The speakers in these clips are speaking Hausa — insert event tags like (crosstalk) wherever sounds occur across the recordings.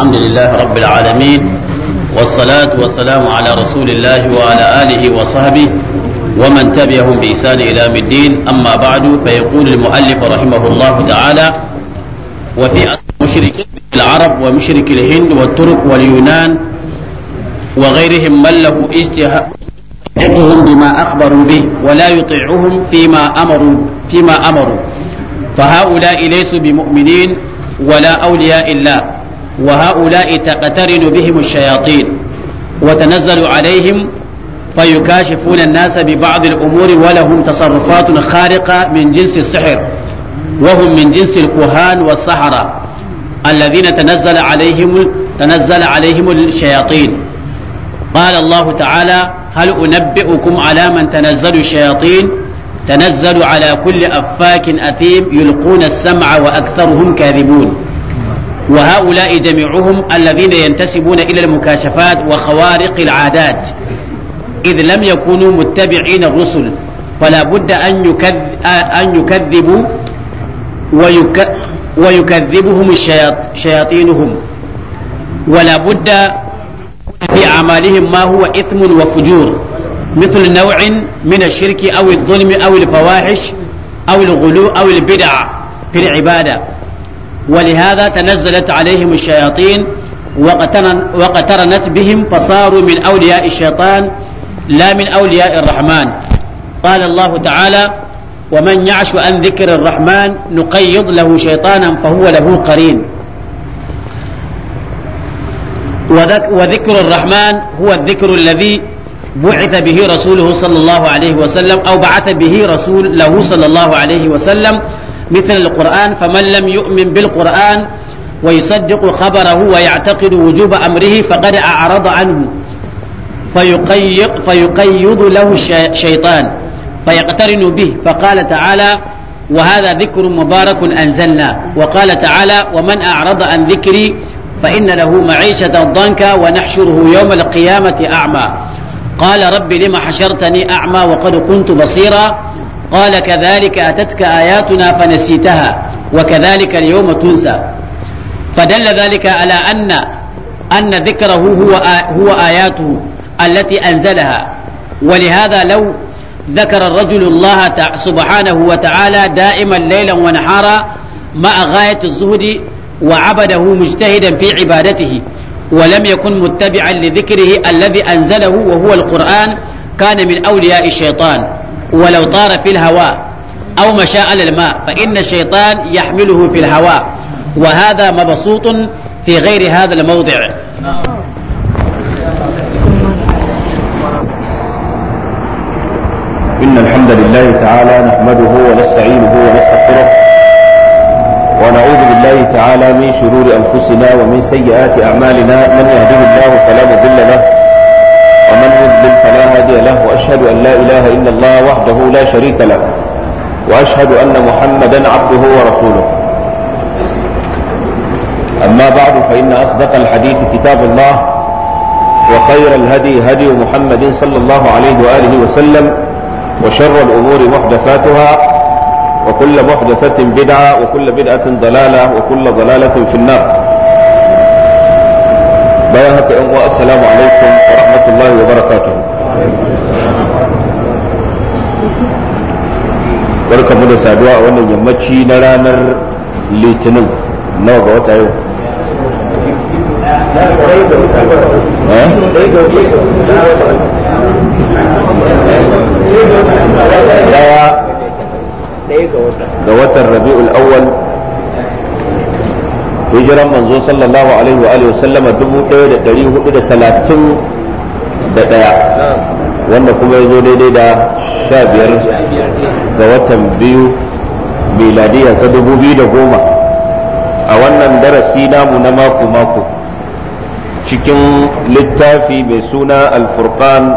الحمد لله رب العالمين والصلاة والسلام على رسول الله وعلى آله وصحبه ومن تبعهم بإحسان إلى الدين أما بعد فيقول المؤلف رحمه الله تعالى وفي أصل مشرك العرب ومشرك الهند والترك واليونان وغيرهم من له اجتهادهم بما أخبروا به ولا يطيعهم فيما أمروا فيما أمروا فهؤلاء ليسوا بمؤمنين ولا أولياء الله وهؤلاء تقترن بهم الشياطين وتنزل عليهم فيكاشفون الناس ببعض الأمور ولهم تصرفات خارقة من جنس السحر وهم من جنس الكهان والسحرة الذين تنزل عليهم تنزل عليهم الشياطين قال الله تعالى هل أنبئكم على من تنزل الشياطين تنزل على كل أفاك أثيم يلقون السمع وأكثرهم كاذبون وهؤلاء جميعهم الذين ينتسبون إلى المكاشفات وخوارق العادات إذ لم يكونوا متبعين الرسل فلا بد أن, يكذب أن يكذبوا ويك ويكذبهم شياطينهم ولا بد في أعمالهم ما هو إثم وفجور مثل نوع من الشرك أو الظلم أو الفواحش أو الغلو أو البدع في العبادة ولهذا تنزلت عليهم الشياطين وقترنت بهم فصاروا من أولياء الشيطان لا من أولياء الرحمن قال الله تعالى ومن يعش عن ذكر الرحمن نقيض له شيطانا فهو له قرين وذكر الرحمن هو الذكر الذي بعث به رسوله صلى الله عليه وسلم أو بعث به رسول له صلى الله عليه وسلم مثل القرآن فمن لم يؤمن بالقرآن ويصدق خبره ويعتقد وجوب أمره فقد أعرض عنه فيقيض, فيقيض له الشيطان فيقترن به فقال تعالى وهذا ذكر مبارك أنزلنا وقال تعالى ومن أعرض عن ذكري فإن له معيشة ضنكا ونحشره يوم القيامة أعمى قال رب لم حشرتني أعمى وقد كنت بصيرا قال كذلك أتتك آياتنا فنسيتها وكذلك اليوم تنسى فدل ذلك على أن أن ذكره هو هو آياته التي أنزلها ولهذا لو ذكر الرجل الله سبحانه وتعالى دائما ليلا ونهارا مع غاية الزهد وعبده مجتهدا في عبادته ولم يكن متبعا لذكره الذي أنزله وهو القرآن كان من أولياء الشيطان ولو طار في الهواء أو مشى على الماء فإن الشيطان يحمله في الهواء وهذا مبسوط في غير هذا الموضع إن الحمد لله تعالى نحمده ونستعينه ونستغفره ونعوذ بالله تعالى من شرور أنفسنا ومن سيئات أعمالنا من يهده الله فلا مضل له ومن يضلل فلا هادي له وأشهد أن لا إله إلا الله وحده لا شريك له وأشهد أن محمدا عبده ورسوله أما بعد فإن أصدق الحديث كتاب الله وخير الهدي هدي محمد صلى الله عليه وآله وسلم وشر الأمور محدثاتها وكل محدثة بدعة وكل بدعة ضلالة وكل ضلالة في النار bayan haka yan uwa assalamu alaikum wa rahmatullahi wa barakatuh barkamu da saduwa a wannan yammaci na ranar litinin nawa ga wata yau daya eh? ga watan rabi'ul awwal hijiran manzo sallallahu alaihi wa alihi sallama 1431 wanda kuma ya zo daidai da 15 ga watan biyu miladiya ta 2010 a wannan darasi namu na mako-mako cikin littafi mai suna alfurqan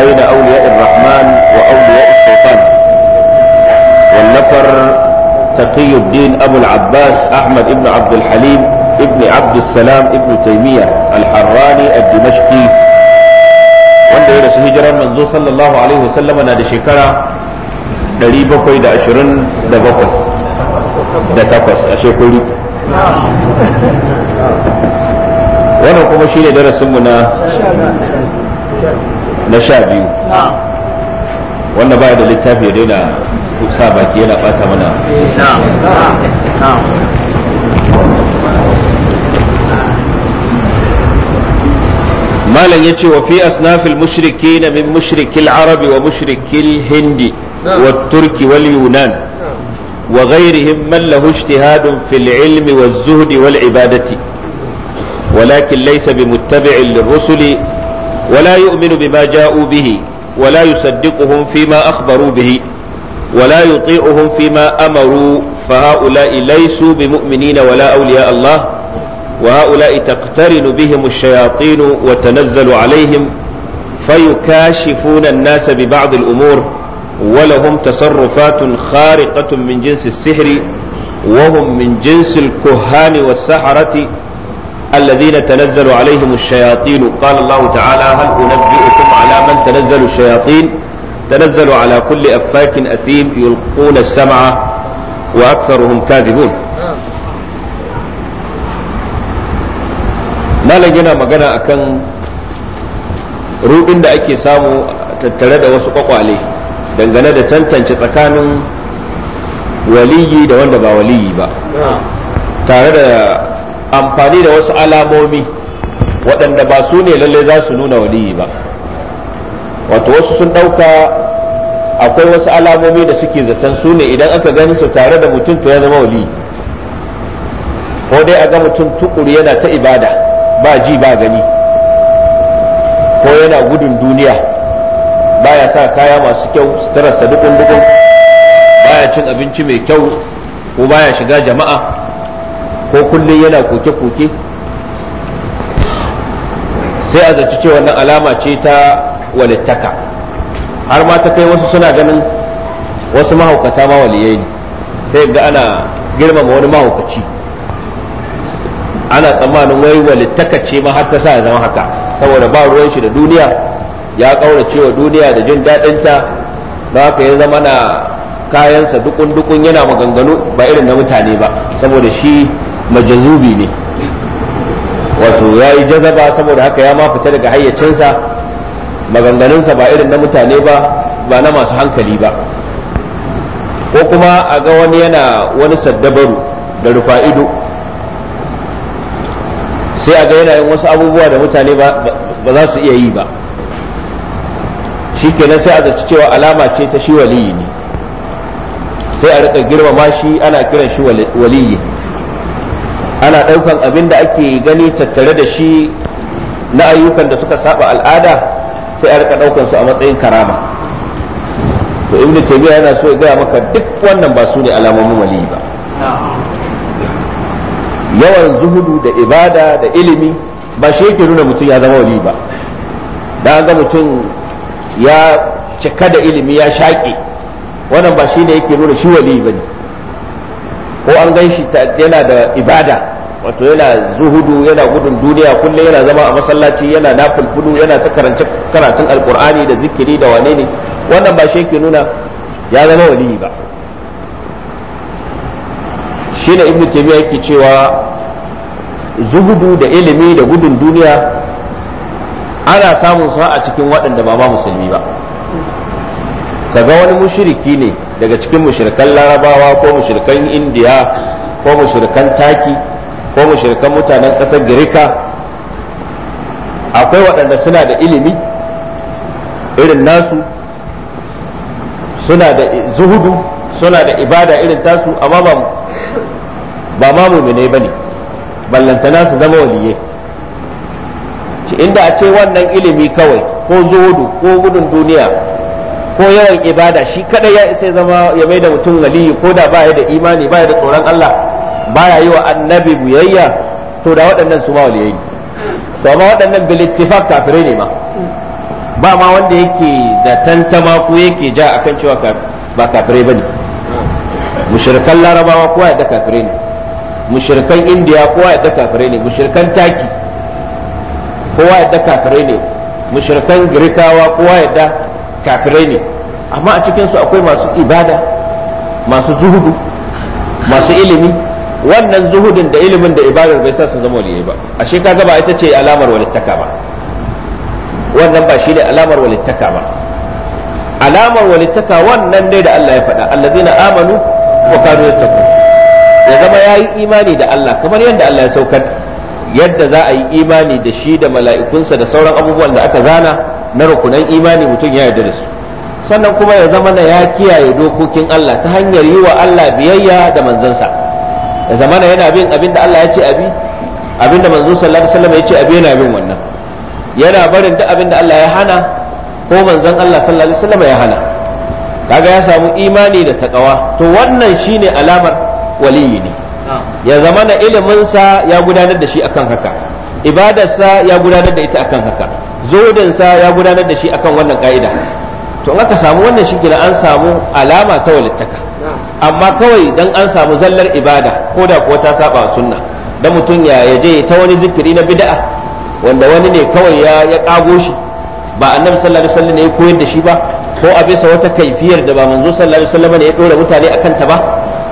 baina auliya rahman wa auliya sultan wallafar تقي الدين أبو العباس أحمد بن عبد الحليم ابن عبد السلام ابن تيمية الحراني الدمشقي wanda ya rasu hijirar manzo na da shekara 727 da takwas a shekaru wannan kuma shi ne darasinmu na sha biyu wanda baya da littafi ya daina sa baki yana bata mana malam ya ce wa fi asnafil mushriki na min mushrikil arabi wa mushrikil hindi wa turki wal yunan wa ghairihim man lahu ijtihadun fil ilmi wa zuhdi wal ibadati ولكن bi بمتبع للرسل ولا يؤمن بما جاءوا به ولا يصدقهم فيما أخبروا به ولا يطيعهم فيما أمروا فهؤلاء ليسوا بمؤمنين ولا أولياء الله وهؤلاء تقترن بهم الشياطين وتنزل عليهم فيكاشفون الناس ببعض الأمور ولهم تصرفات خارقة من جنس السحر وهم من جنس الكهان والسحرة الذين تنزل عليهم الشياطين قال الله تعالى هل أنبئكم ala man tanazzalu shayatin tanazzalu ala kulli affakin athim yulquna sama wa aktharuhum kadhibun malam yana magana akan rubin da ake samu tattare da wasu kwakwale dangane da tantance tsakanin waliyi da wanda ba waliyi ba tare da amfani da wasu alamomi waɗanda ba su ne lallai za su nuna waliyi ba wato wasu sun ɗauka akwai wasu alamomi da suke zaton su ne idan aka gani su tare da mutum to ya zama wali ko dai a ga mutum tukuri yana ta ibada ba ji ba gani ko yana gudun duniya baya sa kaya masu kyau su suturarsa dukun dukun baya cin abinci mai kyau ko baya shiga jama'a ko kullum yana koke-koke sai a zaci ce wannan alama ce ta walittaka har ma ta kai wasu suna ganin wasu mahaukata ma waliyai ne sai ga ana girmama wani mahaukaci ana tsammanin wai walittaka ce ma har ta sa ya zama haka saboda ba ruwan shi da duniya ya kaura cewa duniya da jin daɗinta ba haka ya zama na kayansa dukun dukun yana maganganu ba irin na mutane ba saboda shi majazubi ne wato ya yi jazaba saboda haka ya ma fita daga hayyacinsa maganganunsa ba irin na mutane ba ba na masu hankali ba ko kuma a ga wani yana wani saddabaru da rufa ido sai a ga yana yin wasu abubuwa da mutane ba za su iya yi ba shi kenan sai a zaci cewa alama ce ta shi waliyi ne sai a rika girmama shi ana kiran shi waliyi ana ɗaukan abin da ake gani tattare da shi na ayyukan da suka saba al'ada sai a rika daukan su a matsayin karama to Ibn taymiya yana so ya gaya maka duk wannan ba su ne alamomin wali ba yawan zuhudu da ibada da ilimi ba shi yake nuna mutum ya zama wali ba da ga mutum ya cika da ilimi ya shaƙe wannan ba shi ne yake nuna shi wali ba ne ko an gan shi yana da ibada wato yana zuhudu yana gudun duniya kullum yana zama a masallaci yana nafulfulu yana ta karanci karatun alkur'ani da zikiri da wane ne wannan ba shi ke nuna ya zama waliyi ba shi na ibn taymiya yake cewa zuhudu da ilimi da gudun duniya ana samun sa a cikin waɗanda ba ma musulmi ba kaga wani mushiriki ne daga cikin mushrikan larabawa ko mushrikan indiya ko mushrikan taki ko mushrikan mutanen ƙasar Girka, akwai waɗanda suna da ilimi irin nasu suna da zuhudu suna da ibada irin tasu amma ba ba ma mumine ba ne ballantana su zama waliye inda a ce wannan ilimi kawai ko zuhudu ko gudun duniya ko yawan ibada shi kadai ya isa zama ya mai da mutum waliyi ko da ba ya da imani ba ya da tsoron Allah baya yi wa annabi biyayya to da waɗannan su ma waliyai ne to amma waɗannan bil ittifaq kafirai ne ma ba ma wanda yake da tantama ko yake ja akan cewa ba kafirai bane mushrikan larabawa kowa da kafirai ne mushrikan indiya kowa da kafirai ne mushrikan taki kowa da kafirai ne mushrikan girkawa kowa da kafirai ne amma a cikinsu akwai masu ibada masu zuhudu masu ilimi wannan zuhudin da ilimin da ibadar bai sa su zama waliyai ba ashe ka gaba ita ce alamar walittaka ba wannan ba shi ne alamar walittaka ba alamar walittaka wannan ne da Allah ya faɗa allazina amanu wa kanu yattaqun ya zama yayi imani da Allah kamar yadda Allah ya saukar yadda za a yi imani da shi da mala'ikunsa da sauran abubuwan da aka zana na rukunan imani mutum ya yarda da su sannan kuma ya zama na ya kiyaye dokokin Allah ta hanyar yi wa Allah biyayya da manzansa ya zamana yana bin abin da Allah ya ce abi abin da manzo sallallahu alaihi wasallam ya ce abi yana bin wannan yana barin duk abin da Allah ya hana ko manzon Allah sallallahu alaihi wasallam ya hana kaga ya samu imani da takawa to wannan shine alamar waliyi ne ya zamana iliminsa ya gudanar da shi akan haka ibadarsa ya gudanar da ita akan haka zodinsa ya gudanar da shi akan wannan ka'ida to in aka samu wannan shi an samu alama ta walittaka amma kawai dan an samu zallar ibada ko da kuwa ta saba sunna dan mutum ya yaje ta wani zikiri na bid'a wanda wani ne kawai ya ya kago shi ba annabi sallallahu alaihi wasallam ne ya koyar da shi ba ko a bisa wata kaifiyar da ba manzo sallallahu alaihi wasallam ne ya dora mutane akan ta ba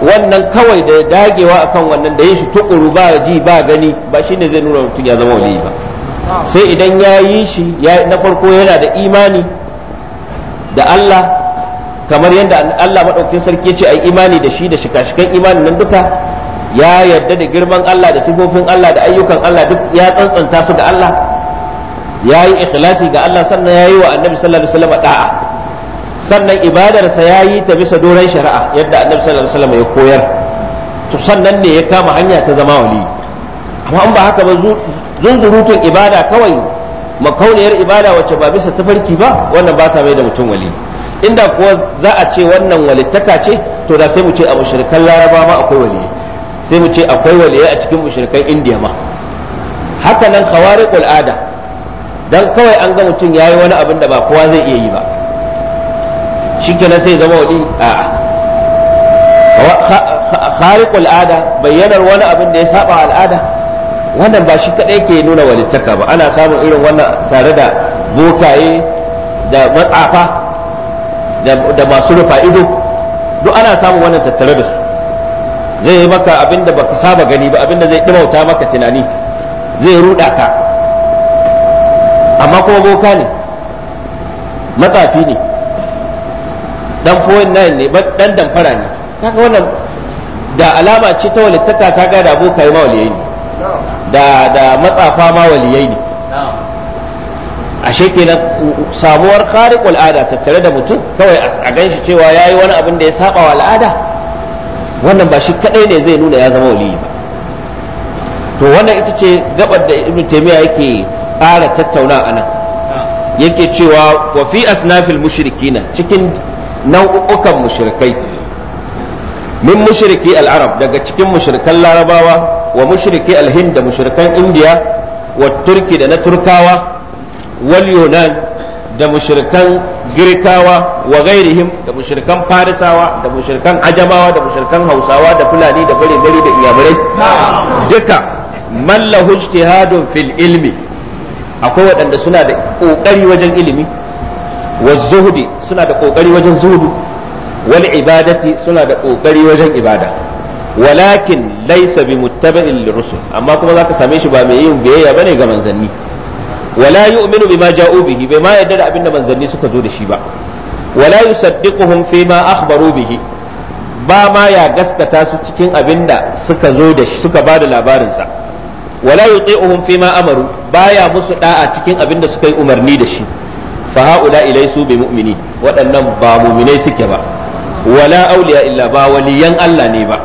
wannan kawai da dagewa akan wannan da yin shi tukuru ba ji ba gani ba shine zai nuna mutum ya zama waliyi ba sai idan ya yi shi na farko yana da imani da Allah kamar yadda Allah maɗaukakin sarki ya ce yi imani da shi da shikashikan imanin nan duka ya yarda da girman Allah da sifofin Allah da ayyukan Allah duk ya tsantsanta su ga Allah ya yi ikhlasi ga Allah sannan ya yi wa annabi sallallahu alaihi wasallam da'a sannan ibadarsa ya yi ta bisa doron shari'a yadda annabi sallallahu alaihi wasallam ya koyar to sannan ne ya kama hanya ta zama wali amma in ba haka ba zunzurutun ibada kawai makauniyar ibada wacce ba bisa tafarki ba wannan ba ta mai da mutum wali inda kuwa za a ce wannan walittaka ce to da sai mu ce a mushrikan laraba ma akwai waliyai sai mu ce akwai waliyai a cikin mushrikan indiya ma haka nan khawariqul ada dan kawai an ga mutum yayi wani abin da ba kowa zai iya yi ba shikenan sai zama a a'a khariqul ada bayyanar wani abin da ya saba al'ada wannan ba shi kadai ke nuna walittaka ba ana samun irin wannan tare da bokaye da matsafa da masu rufa ido duk ana samun wannan tattare da su zai yi maka abin da baka saba gani ba abin da zai ɗimauta maka tunani zai ruda ka amma kuma boka ne matsafi ne dan foyin nan ne dan damfara ne kaga wannan da alama ce ta walittaka ta ga da boka yi mawaliyai ne da da matsafa ma ne ashe kenan samuwar khariqul al'ada tattare da mutum kawai a ganshi cewa yayi wani abin da ya saba wa al'ada wannan ba shi kadai ne zai nuna ya zama waliyi ba to wannan ita ce gabar da ibnu taymiya yake kara tattauna a nan yake cewa wa fi asnafil mushrikina cikin nau'ukan mushrikai min mushriki al-arab daga cikin mushrikan larabawa wa mushriki al-hind da mushrikan indiya wa turki da na turkawa wal da mushrikan girkawa wa gairihim da mushrikan farisawa da mushrikan ajamawa da mushrikan hausawa da fulani da bare gari da iyamurai duka man lahu ijtihadun fil ilmi akwai waɗanda suna da kokari wajen ilimi wa zuhudi suna da kokari wajen zuhudu wal ibadati suna da kokari wajen ibada walakin laysa bi muttabi'in lirusul amma kuma zaka same shi ba mai yin biyayya bane ga manzanni wala yu'minu bima ja'u bihi bai ma yarda da abin da suka zo da shi ba wala yusaddiquhum fi ma akhbaru bihi ba ma ya gaskata su cikin abin da suka zo da shi suka bada labarin sa wala yuti'uhum fi ma amaru baya musu da'a cikin abinda suka yi umarni da shi fa haula ilaisu bi mu'mini waɗannan ba mu'minai suke ba wala auliya illa ba waliyan Allah ne ba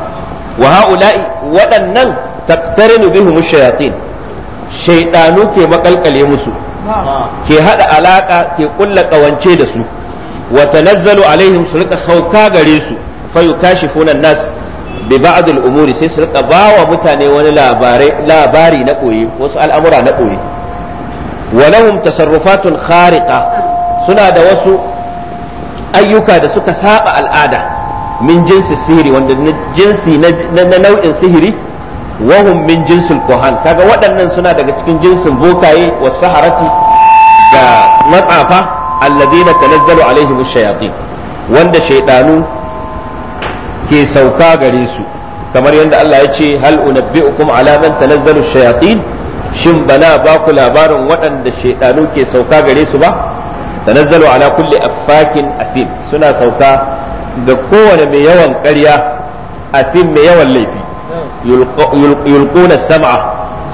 wa haula waɗannan taqtarinu bihum shayatin shaidanu ke makalkale musu ke haɗa alaƙa ke ƙulla ƙawance da su wa tanazzalu alaihim su rika sauka gare su fa yukashifuna nas bi ba'd umuri sai su rika bawa mutane wani labari na koyi wasu al'amura na koyi wa lahum tasarrufatun khariqa suna da wasu ayyuka da suka saba al'ada min jinsi sihiri wanda jinsi na nau'in sihiri wahum min jinsul kuhan kaga waɗannan suna daga cikin jinsin bokaye wa saharati da matsafa alladina tanazzalu alaihim shayatin wanda shaydanu ke sauka gare su kamar yadda Allah ya ce hal unabbi'ukum ala man tanazzalu shayatin shin bana baku labarin waɗanda shaydanu ke sauka gare su ba tanazzalu ala kulli affakin asim suna sauka ga kowane mai yawan ƙarya asim mai yawan laifi yulquna sam'a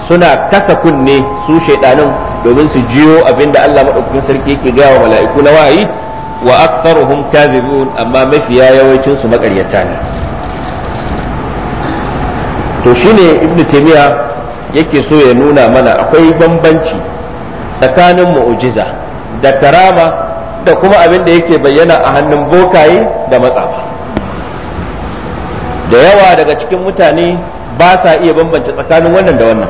suna kasa kunne su shaidanin domin su jiyo abinda Allah madaukakin sarki yake gaya wa mala'iku na wahayi wa aktharuhum kadhibun amma mafiya yawancin su makaryata ne to shine ibnu taymiya yake so ya nuna mana akwai bambanci tsakanin mu'jiza da karama da kuma abin da yake bayyana a hannun bokaye da matsafa da yawa daga cikin mutane ba sa iya bambance tsakanin wannan da wannan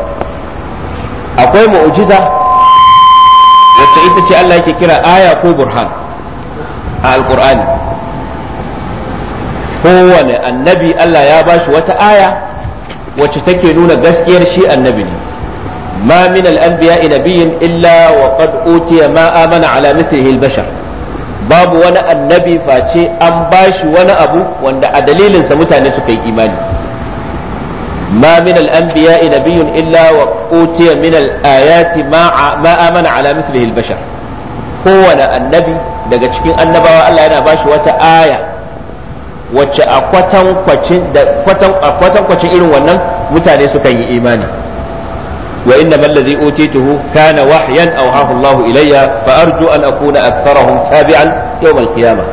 akwai mu'jiza wacce ita ce Allah yake kira aya ko burhan a alkur'ani kowane annabi Allah ya bashi wata aya wacce take nuna gaskiyar shi annabi ne ma min al-anbiya'i nabiyyin illa wa qad utiya ma amana ala mithlihi al-bashar babu wani annabi face an bashi wani abu wanda a dalilinsa mutane suka yi imani ما an biya نبي illa وأوتي من الآيات ما ما آمن على مثله البشر kowane annabi daga cikin annabawa Allah yana ba shi wata aya wacce a kwatankwacin irin wannan mutane sukan yi imani وإنما الذي أوتيته كان وحيا أوحاه الله إلي فأرجو أن أكون أكثرهم تابعا يوم القيامة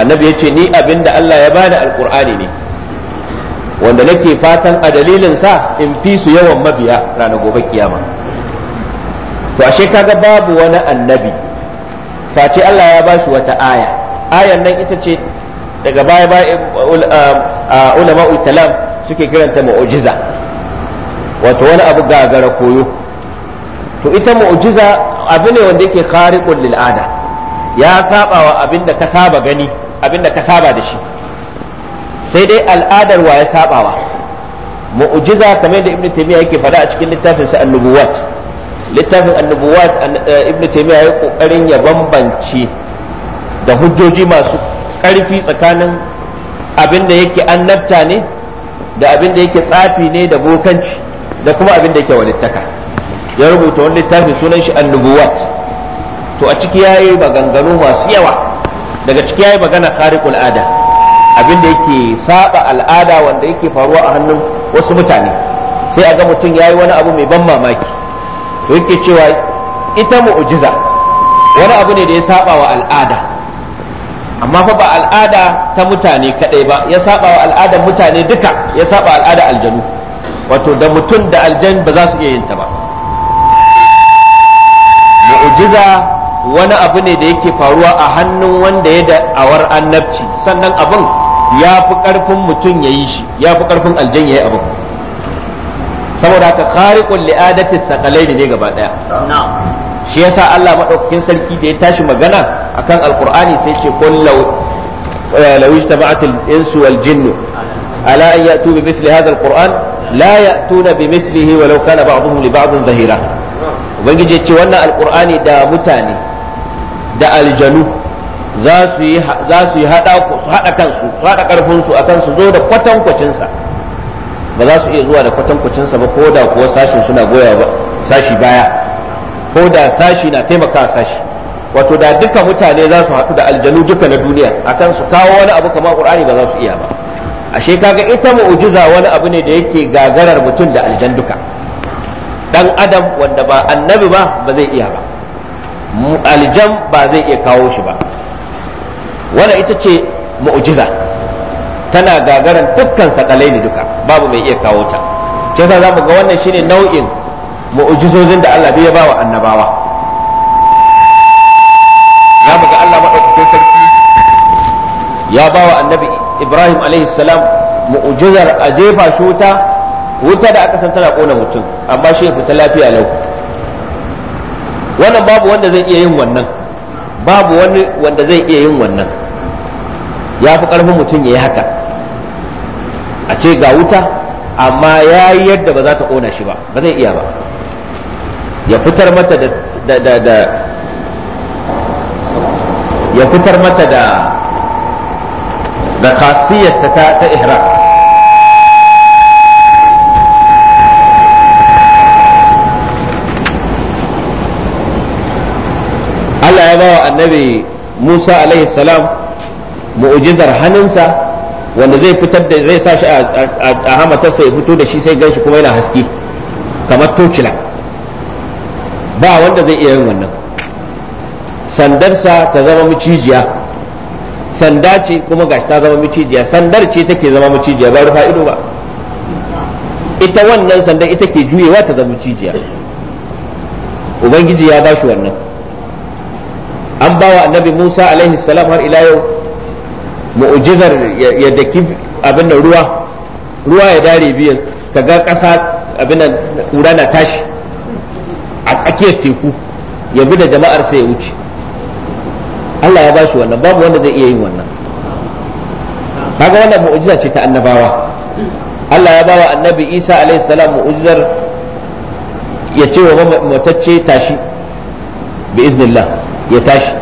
النبي يقول ني أبن الله يبان القرآن ني wanda nake fatan a dalilin sa in fi su yawan mabiya ranar gobe kiyama to ashe kaga babu wani annabi face Allah ya bashi wata aya ayan nan ita ce daga baya baya ulama um, uh, kalam suke kiranta mu'jiza wato wani abu gagara koyo to ita mu'jiza abu ne wanda yake khariqul lil ya saba wa abin da ka saba gani abin da ka saba da shi sai dai al'adar wa ya saba wa mu'jiza kamar da Ibn taymiya yake faɗa a cikin littafin sa an-nubuwat littafin an-nubuwat eh, Ibn taymiya ya kokarin ya bambance da hujjoji masu ƙarfi tsakanin abin da yake annabta ne da abin da yake tsafi ne da bokanci da kuma abin da yake walittaka ya rubuta wani littafi sunan shi annubuwat to a ciki yayi maganganu masu yawa daga ciki yayi magana khariqul ada abin da yake saba al'ada wanda yake faruwa a hannun wasu mutane sai a ga mutum yayi wani abu mai ban mamaki to yake cewa ita mu'jiza wani abu ne da ya saba wa al'ada amma fa ba al'ada ta mutane kadai ba ya saba wa al'adar mutane duka ya saba al'ada aljanu wato da mutum da aljan ba za su iya yin ta ba mu'jiza wani abu ne da yake faruwa a hannun wanda ya da'awar annabci sannan abin ya fi ƙarfin mutum ya yi shi ya fi ƙarfin aljan ya yi abin saboda haka khariqul li'adati sakalai ne gaba daya shi yasa Allah madaukakin sarki da ya tashi magana akan alqur'ani sai ce kullu لو اجتمعت الإنس والجن على أن يأتوا بمثل هذا la ya'tuna bi mislihi walau kana ba'dhum li ba'dhin zahira ubangiji ya ce wannan alqur'ani da mutane da aljanu za su yi hada su hada kansu su hada karfin a kansu su zo da kwatankwacin sa ba za su iya zuwa da kwatankwacin sa ba ko da kuwa sashin suna goya ba sashi baya ko da sashi na taimaka sashi wato da duka mutane za su haɗu da aljanu duka na duniya a kansu kawo wani abu kamar qur'ani ba za su iya ba ashe kaga ita mu'jiza wani abu ne da yake gagarar mutum da aljan duka dan adam wanda ba annabi ba ba zai iya ba aljan ba zai iya kawo shi ba wannan ita ce mu'jiza tana gagaran dukkan sakalai ne duka babu mai iya kawo ta shi yasa zamu ga wannan shine nau'in mu'jizozin da Allah ya bawa annabawa zamu ga Allah madaukakin sarki ya bawa annabi ibrahim alaihissalam mu'ujizar a jefa shi wuta wuta da aka san tana kona mutum amma shi ya fita lafiya lau wannan babu wanda zai iya yin wannan babu wani wanda zai iya yin wannan ya fi karfin mutum ya yi haka a ce ga wuta amma ya yi yadda ba za ta kona shi ba ba zai iya ba ya fitar mata da ya fitar mata da da khasiyarta ta ta ihram Allah ya bawa annabi Musa alaihi salam mu'jizar hannunsa wanda zai fitar da zai sa shi a hamatarsa ya fito da shi sai ganshi kuma yana haske kamar tocila ba wanda zai iya yin wannan sandarsa ta zama mucijiya sanda ce kuma gashi ta zama mucijiya sandar ce take zama mucijiya ba rufa ido ba ita wannan sanda ita ke juyewa ta zama mucijiya ubangiji ya ba shi wannan an ba wa annabi musa alaihi salam har ila yau mu'jizar ya daki abin da ruwa ruwa ya dare biyan kaga kasa abin da na tashi a tsakiyar teku ya bi da jama'ar sai ya wuce Allah ya bashi wannan babu wanda zai iya yin wannan kaga wannan mu'jiza ce ta annabawa Allah ya bawa annabi Isa alaihi salam mu'jizar ya ce wa matacce tashi bi iznillah ya tashi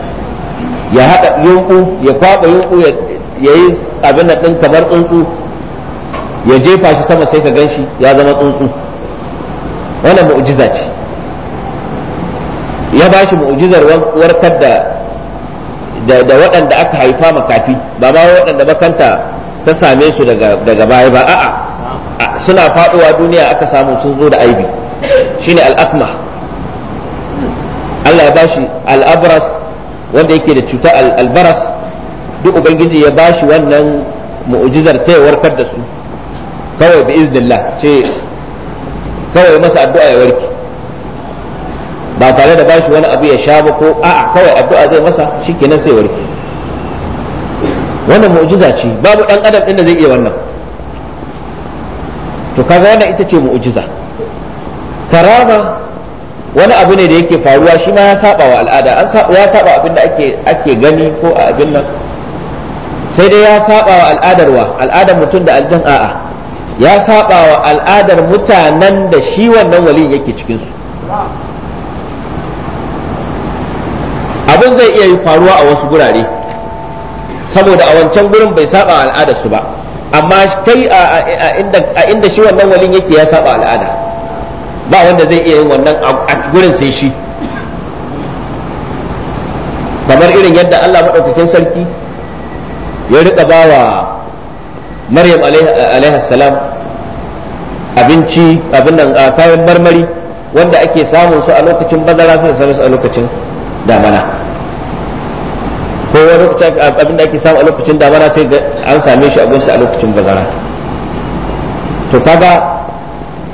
ya haɗa yunku ya kwaba yunku ya yi abin nan kamar tsuntsu ya jefa shi sama sai ka gan shi ya zama tsuntsu wannan mu'jiza ce ya ba shi mu'jizar warkar da da waɗanda aka haifa makafi ba ma waɗanda makanta ta same su daga baya ba a'a suna faɗowa duniya aka samu sun zo da aibi shine ne akma Allah ya bashi al wanda yake da cuta Al'abaras duk ubangiji ya bashi wannan mu'jizar ta warkar da su kawai bi iznillah ce kawai masa addu'a ya warke ba tare da bashi wani abu ya sha ba ko a'a kawai addu'a zai masa shikenan sai warke wannan mu'jiza ce babu dan adam din da zai iya wannan to kaga wannan ita ce mu'jiza karama wani abu ne da yake faruwa shi ma ya saba wa al'ada an ya saba abin da ake ake gani ko a abin nan sai dai ya saba wa al'adar wa al'adar mutum da aljan a'a ya saba wa al'adar mutanen da shi wannan wali yake cikin su abin zai iya yi faruwa a wasu gurare saboda a wancan gurin bai saba al'ada su ba amma kai a inda shi wannan walin yake ya saba al'ada ba wanda zai iya yin wannan a gurin sai shi kamar irin yadda Allah maɗaukakin sarki ya riƙa ba wa maryam alaihi salam abinci abin nan kayan marmari wanda ake samun su a lokacin bazara da same su a lokacin damana ko lokacin abin da ake samu a lokacin damana sai an same shi a a lokacin bazara to kaga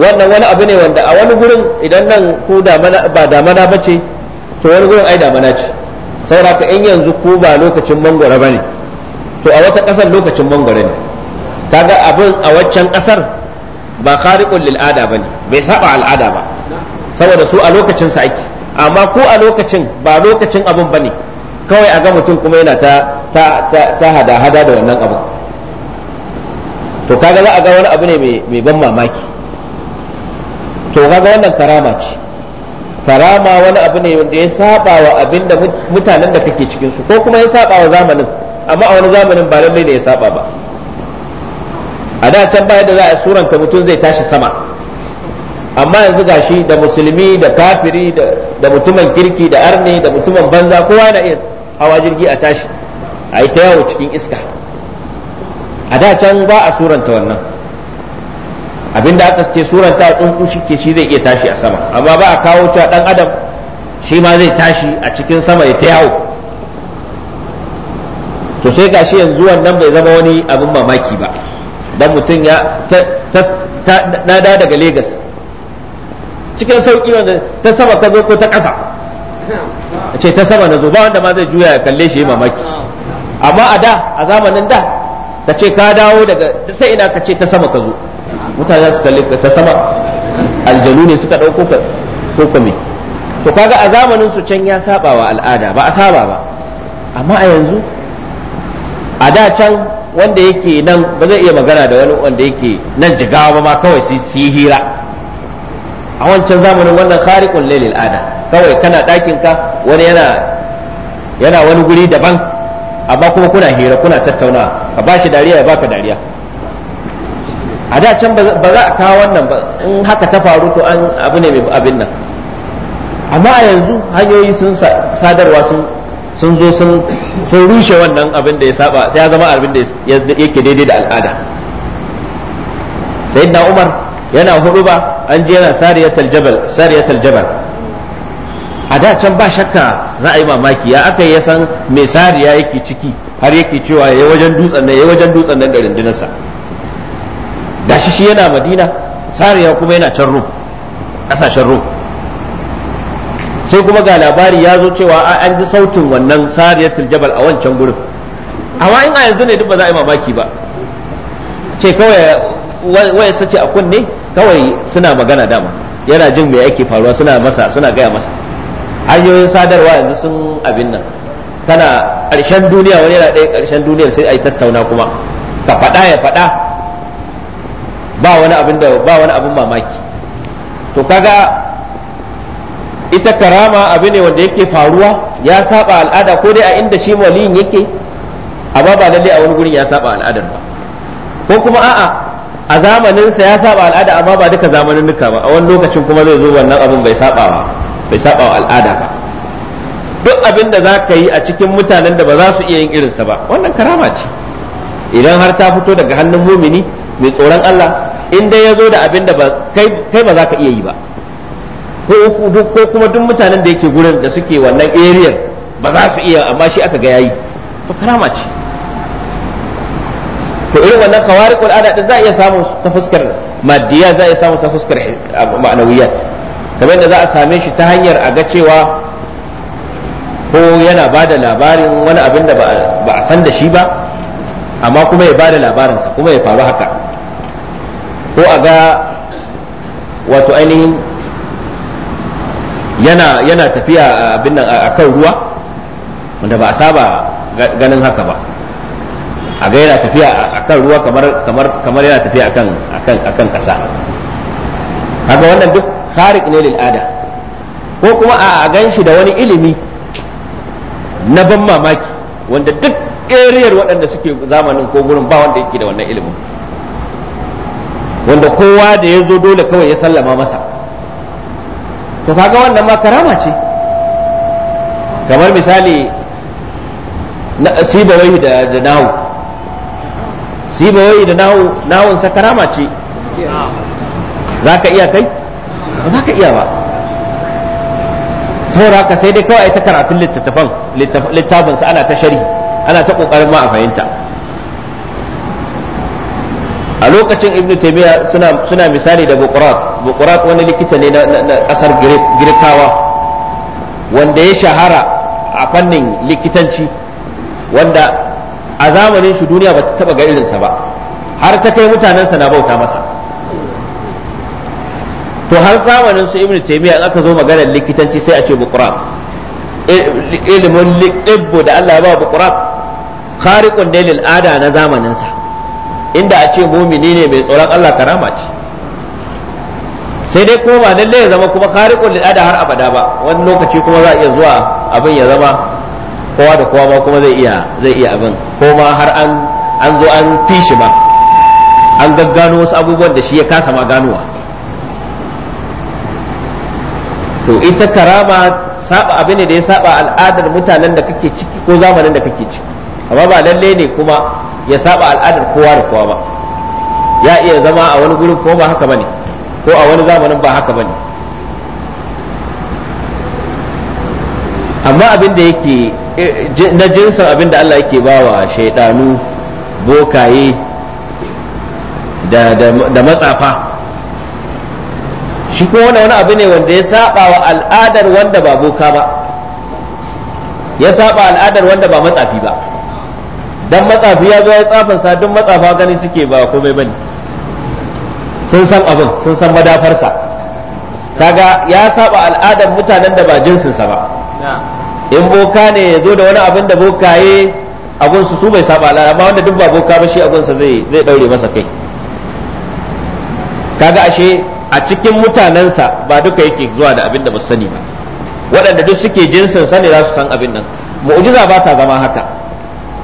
wannan wani abu ne wanda a wani gurin idan nan ko damana ba damana ba ce to wani gurin ai damana ce saboda ka in yanzu ko ba lokacin mangwara ba ne to a wata ƙasar lokacin mangwara ne kaga abin a waccan ƙasar ba khariqul lil'ada ba bane bai saba al'ada ba saboda su a lokacin sa ake amma ko a lokacin ba lokacin abin bane kawai a ga mutum kuma yana ta ta hada hada da wannan abin to kaga za a ga wani abu ne mai ban mamaki to kaga wannan karama ce karama wani abu ne wanda ya saba wa abin da mutanen da kake cikin su ko kuma ya saba wa zamanin amma a wani zamanin ba lallai ne ya saba ba a da can baya da za a suranta mutum zai tashi sama amma yanzu gashi da musulmi da kafiri da mutumin kirki da arne da mutumin banza kowa na iya hawa jirgi a tashi a yi ta yawo cikin iska a da can ba a suranta wannan abinda aka ce suranta a tsunku shi ke shi zai iya tashi a sama amma ba a kawo cewa dan adam shi ma zai tashi a cikin sama ya ta yawo to sai gashi yanzu wannan bai zama wani abin mamaki ba dan mutum ya ta daga Legas cikin sauki wanda ta sama ka zo ko ta ƙasa a ce ta sama na zo ba wanda ma zai juya ya kalle shi mamaki amma a da a zamanin da ka ce ka dawo daga ta ina ka ce ta sama ka zo mutane su kalle ka ta sama aljanu ne suka ɗauko ka ko kome to kaga a zamanin su can ya saba wa al'ada ba a saba ba amma a yanzu a da can wanda yake nan ba zai iya magana da wani wanda yake nan jigawa ba ma kawai su yi hira a wancan zamanin wannan khariqul lailil ada kawai kana ɗakin ka wani yana yana wani guri daban amma kuma kuna hira kuna tattaunawa ka bashi dariya ya baka dariya a da can ba za a kawo wannan ba in haka ta faru to an abu ne mai abin nan amma a yanzu hanyoyi sun sadarwa sun sun zo sun sun rushe wannan abin da ya saba sai ya zama abin da yake daidai da al'ada sayyidina umar yana hudu ba an je yana sariyatul jabal sariyatul jabal a da can ba shakka za a yi mamaki ya aka yi san me sariya yake ciki har yake cewa ya wajen dutsen nan ya wajen dutsen nan garin dinarsa da shi shi yana madina sariya kuma yana can rum kasashen rum sai kuma ga labari ya zo cewa an ji sautin wannan sariyatul jabal a wancan gurin amma in a yanzu ne duk ba za a yi mamaki ba ce kawai waya sace a kunne kawai suna magana dama yana jin mai yake faruwa suna masa suna gaya masa hanyoyin sadarwa yanzu sun abin nan kana ƙarshen duniya wani yana ɗaya ƙarshen duniya, sai a yi tattauna kuma ka faɗa ya faɗa ba wani abin da ba wani abin mamaki to kaga ita karama abu ne wanda yake faruwa ya saba al'ada ko dai a inda shi waliyin yake amma ba lalle a wani gurin ya saba al'adar ba ko kuma a'a a zamaninsa ya saba al'ada amma ba duka zamanin duka ba a wani lokacin kuma zai zo wannan abin bai saba bai saba wa al'ada ba duk abin da za ka yi a cikin mutanen da ba za su iya yin irinsa ba wannan karama ce idan har ta fito daga hannun mumini mai tsoron Allah in dai ya zo da abin da kai ba za ka iya yi ba ko kuma duk mutanen da yake gurin da suke wannan area ba za su iya amma shi aka ga yayi to karama ce to irin wannan khawariqul ada din za a iya samu ta fuskar maddiya za a iya samu ta fuskar ma'anawiyat kamar da za a same shi ta hanyar a ga cewa ko yana ba da labarin wani abin da ba a san da shi ba amma kuma ya ba da labarinsa kuma ya faru haka ko a ga wato ainihin yana yana tafiya abin nan a kan ruwa wanda ba a saba ganin haka ba a ga yana tafiya a kan ruwa kamar yana tafiya a kan ƙasa. kasa kaga wannan duk khariq ne lil'ada ko kuma a gan shi da wani ilimi na ban mamaki wanda duk ƙeriyar waɗanda suke zamanin ko gurin ba wanda yake da wannan ilimin wanda kowa da ya zo dole kawai ya sallama masa to kaga wannan ma karama ce kamar misali na wai da nahu sibawai da nawon karama ce za ka iya kai ba za ka iya ba saboda sai dai kawai ta karatun littattafan littafin ana ta sharhi ana ta kokarin ma a fahimta a lokacin ibnu taimiyya suna misali da bukurat bukurat wani likita ne na kasar girkawa wanda ya shahara a fannin likitanci wanda a zamanin shi duniya ba ta taba ga irinsa ba har ta kai mutanensa na bauta masa to har zamanin su ibnu taymiya aka zo maganar likitanci sai a ce buqran ilimin libbo da Allah ya ba buqran khariqun lil ada na zamanin sa inda a ce mumini ne mai tsoron Allah karama ce sai dai kuma ba lalle ya zama kuma khariqun lil ada har abada ba wani lokaci kuma za a iya zuwa abin ya zama kowa da kowa ma kuma zai iya zai iya abin ko ma har an an zo an fi shi ma an gaggano wasu abubuwan da shi ya kasa ma ganowa to ita karama saba abin da ya saba al'adar mutanen da kake ciki ko zamanin da kake ciki amma ba lalle ne kuma ya saba al'adar kowa da kowa ba ya iya zama a wani gurin ko ba haka bane ko a wani zamanin ba haka bane amma abin da yake Eh, na jinsin abin da Allah yake bawa shaidanu bokaye da matsafa shi kuma wani abu ne wanda ya saba wa al'adar wanda ba boka ba ya saba al'adar wanda ba matsafi ba Don matsafi ya zo ya tsafin sa duk matsafa gani suke ba komai bane sun san abin sun san madafarsa kaga ya saba al'adar mutanen da ba jinsinsa ba in boka ne ya zo da wani abin da bokaye agunsu su bai saba Allah amma wanda duk ba boka ba shi agunsa zai zai daure masa kai kaga ashe a cikin mutanensa ba duka yake zuwa da abin da ba sani ba waɗanda duk suke jinsin sani za su san abin nan mu'jiza ba ta zama haka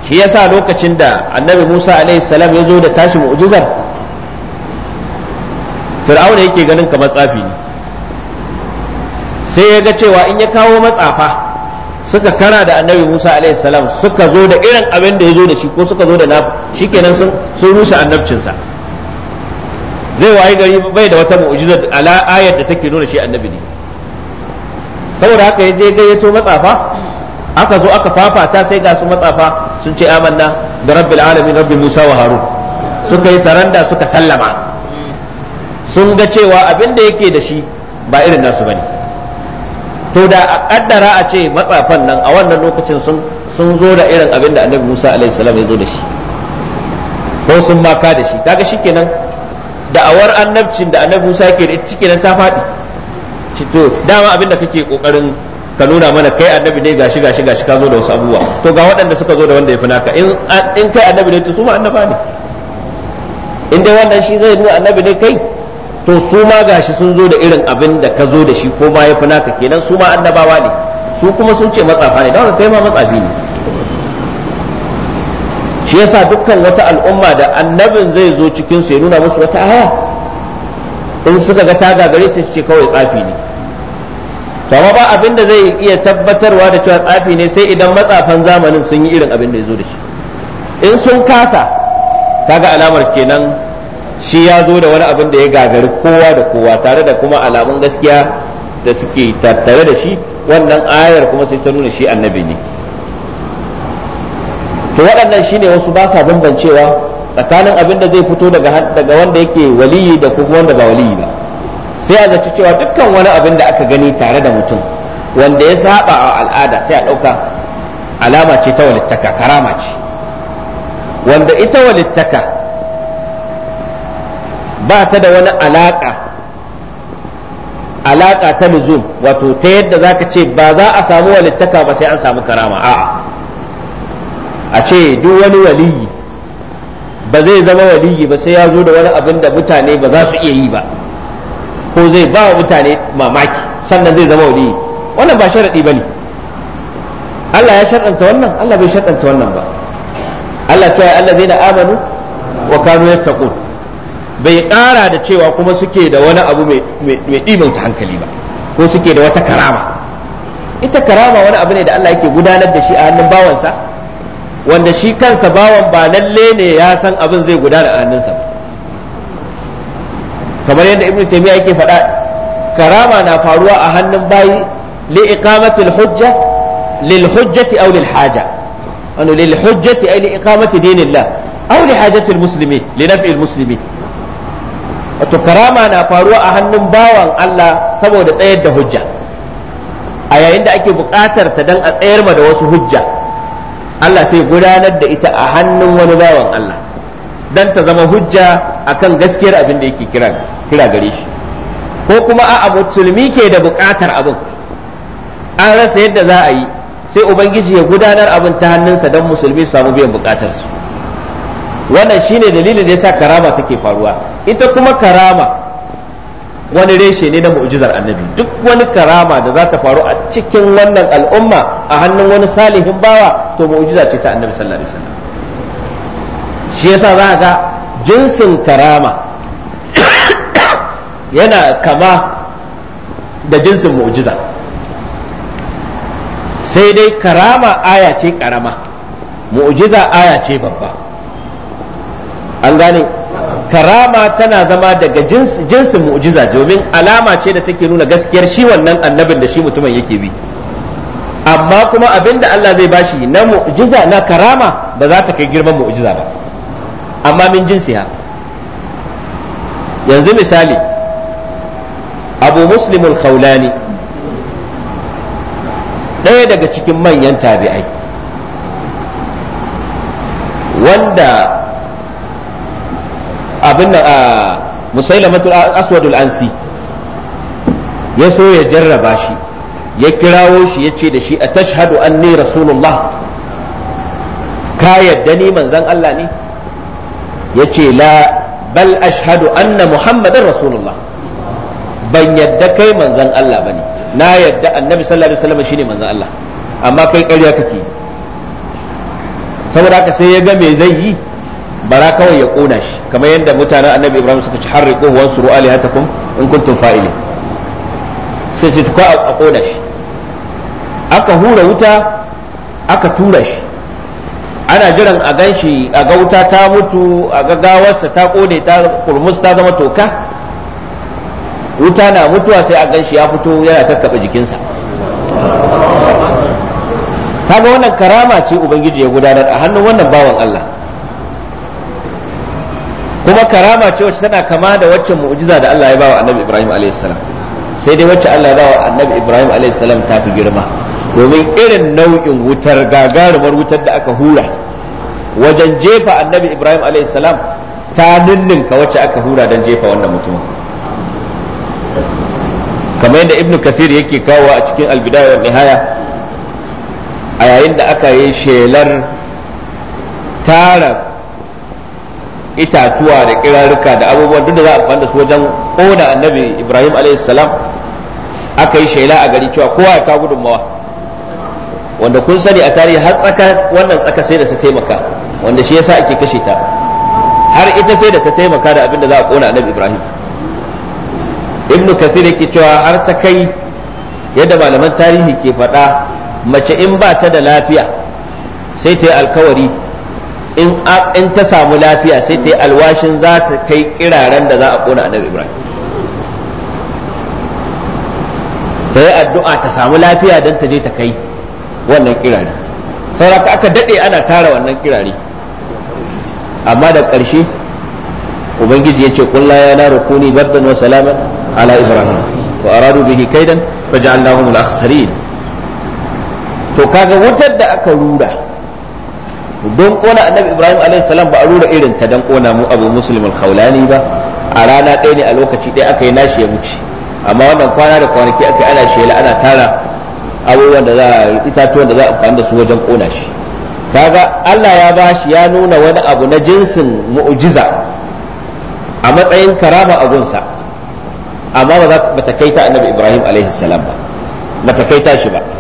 shi yasa lokacin da annabi Musa alaihi salam ya zo da tashi mu'jizar fir'auna yake ganin kamar tsafi ne sai ya ga cewa in ya kawo matsafa suka kara da annabi Musa alaihi salam suka zo da irin abin da ya zo da shi ko suka zo da na shikenan sun sun rushe annabcinsa zai wayi gari bai da wata mu'jiza ala ayar da take nuna shi annabi ne saboda haka ya je gayyato matsafa aka zo aka fafata sai ga su matsafa sun ce amanna da rabbil alamin rabbi Musa wa Harun suka yi saranda suka sallama sun ga cewa abin da yake da shi ba irin nasu bane to da a kaddara a ce matsafan nan a wannan lokacin sun zo da irin abin da annabi Musa alaihi salam ya zo da shi ko sun maka da shi kaga shikenan Da awar annabcin da annabi Musa yake da ita shikenan ta faɗi ci to dama abin da kake kokarin ka nuna mana kai annabi ne gashi gashi gashi ka zo da wasu abubuwa to ga waɗanda suka zo da wanda ya fi naka in kai annabi ne to su ma annaba ne in dai wannan shi zai nuna annabi ne kai to su ma gashi sun zo da irin abin da ka zo da shi ko ma yafi naka kenan su ma annabawa ne su kuma sun ce matsafa ne don kai ma matsafi ne shi yasa dukkan wata al'umma da annabin zai zo cikin su ya nuna musu wata aya in suka ga ta gagare su ce kawai tsafi ne to amma ba abin da zai iya tabbatarwa da cewa tsafi ne sai idan matsafan zamanin sun yi irin abin da ya zo da shi in sun kasa kaga alamar kenan shi ya zo da wani abin da ya gagari kowa da kowa tare da kuma alamun gaskiya da suke tattare da shi wannan ayar kuma sai ta nuna shi annabi ne to waɗannan shi ne wasu ba sa bambancewa tsakanin abin da zai fito daga daga wanda yake waliyi da kuma wanda ba waliyi ba sai a zaci cewa dukkan wani abin da aka gani tare da mutum wanda ya saba a al'ada sai a ɗauka alama ce ta walittaka karama ce wanda ita walittaka ba ta da wani alaka alaka ta luzum wato ta yadda za ka ce ba za a samu walittaka ba sai an samu karama a'a a ce duk wani waliyi ba zai zama waliyi ba sai ya zo da wani abin da mutane ba za su iya yi ba ko zai ba wa mutane mamaki sannan zai zama waliyi wannan ba sharaɗi ba ne Allah ya sharɗanta wannan Allah bai sharɗanta wannan ba Allah ta yi Allah zai na amanu wa kanu taƙo bai ƙara da cewa kuma suke da wani abu mai ɗimin hankali ba ko suke da wata karama ita karama wani abu ne da Allah yake gudanar da shi a hannun bawansa wanda shi kansa bawan ba lalle ne ya san abin zai gudana a hannunsa ba kamar yadda ibnu taymiya yake faɗa karama na faruwa a hannun bayi li iqamatil hujja lil hujjati aw lil haja lil hujjati ay li iqamati dinillah aw li hajati muslimin li naf'i muslimin wato karama na faruwa a hannun bawan Allah saboda tsayar da hujja a yayin da ake buƙatar ta dan a tsayar ma da wasu hujja Allah sai gudanar da ita a hannun wani bawan Allah dan ta zama hujja akan gaskiyar abin da yake kira kira gare shi ko kuma a musulmi ke da buƙatar abin an rasa yadda za a yi sai ubangiji ya gudanar abin ta hannunsa don musulmi su samu biyan buƙatarsu wannan shine dalilin da yasa karama take faruwa ita kuma karama wani reshe ne na mu'jizar annabi duk wani karama da za ta faru a cikin wannan al'umma a hannun wani salihin bawa to mu'jiza ce ta annabi sallallahu alaihi wasallam shi yasa za ga jinsin karama (coughs) yana kama da jinsin mu'jiza sai dai karama aya ce karama mu'jiza aya ce babba an gane karama tana zama daga jinsin mu'jiza domin alama ce da take nuna gaskiyar shi wannan annabin da shi mutumin yake bi amma kuma abinda Allah zai bashi na mu'jiza na karama ba za ta kai girman mu'jiza ba amma min jinsiya yanzu misali abu muslimul khawlani ɗaya daga cikin manyan tabi'ai wanda abin da ah, musailamatul aswadul ansi ya so ya jarraba shi ya kirawo shi ya ce da shi a tashhadu anni rasulullah ka yadda ni manzan Allah ne ya ce la bal ashhadu anna muhammadan rasulullah ban yadda kai manzan Allah ba ne? na yadda annabi sallallahu alaihi wasallam shine manzan Allah amma kai ƙarya kake saboda haka sai ya ga me zai yi bara kawai ya kona shi kamar yadda mutanen annabi ibrahim suka ci harri harriqu ruwa suru alihatakum in kuntum fa'ili sai ce tuka a kona shi aka hura wuta aka tura shi ana jiran a gan shi a ga wuta ta mutu a gagawarsa ta kone ta kurmus ta zama toka wuta na mutuwa sai a gan shi ya fito yana kakkaɓe jikinsa kaga wannan karama ce ubangiji ya gudanar a hannun wannan bawan Allah kuma karama ce wacce tana kama da wacce mu'jiza da Allah ya bawa annabi Ibrahim alaihi sai dai wacce Allah ya bawa annabi Ibrahim alaihi ta fi girma domin irin nau'in wutar gagarumar wutar da aka hura wajen jefa annabi Ibrahim alaihi ta ninninka wacce aka hura don jefa wannan mutum. kamar yadda ibnu kathir yake kawo a cikin albidaya nihaya a yayin da aka yi shelar tara itatuwa da kirarruka da abubuwan duk da za a fanda da su wajen kona annabi ibrahim a.s. aka yi shaila a gari cewa kowa ya kawo gudunmawa wanda kun sani a tarihi har tsaka wannan tsaka sai da ta taimaka wanda shi yasa ake kashe ta har ita sai da ta taimaka da abin da za a kona annabi ibrahim ibnu kafir yake cewa har ta kai yadda malaman tarihi ke faɗa mace in ba ta da lafiya sai ta yi alkawari in ta samu lafiya sai ta yi alwashin za ta kai kiraren da za a kona annabi ibrahim ta yi addu'a ta samu lafiya don ta je ta kai wannan kirare sauraka aka daɗe ana tara wannan kirare amma da ƙarshe ubangiji ya ce kulla ya na rukuni babban wa salaman ala ibrahim wa aradu bihi kaidan fa ja'alnahum al-akhsarin to kaga wutar da aka rura don kona annabi ibrahim a.s. ba a rura irin ta don kona mu abu muslim al-khawlani ba a rana ɗaya ne a lokaci ɗaya aka yi nashi ya wuce amma wannan kwana da kwanaki aka yi ana shela ana tara abubuwan da za a itatuwan da za a amfani da su wajen kona shi kaga Allah ya bashi ya nuna wani abu na jinsin mu'jiza a matsayin karama a gunsa amma ba ta kai ta annabi ibrahim alaihi salam ba ba ta shi ba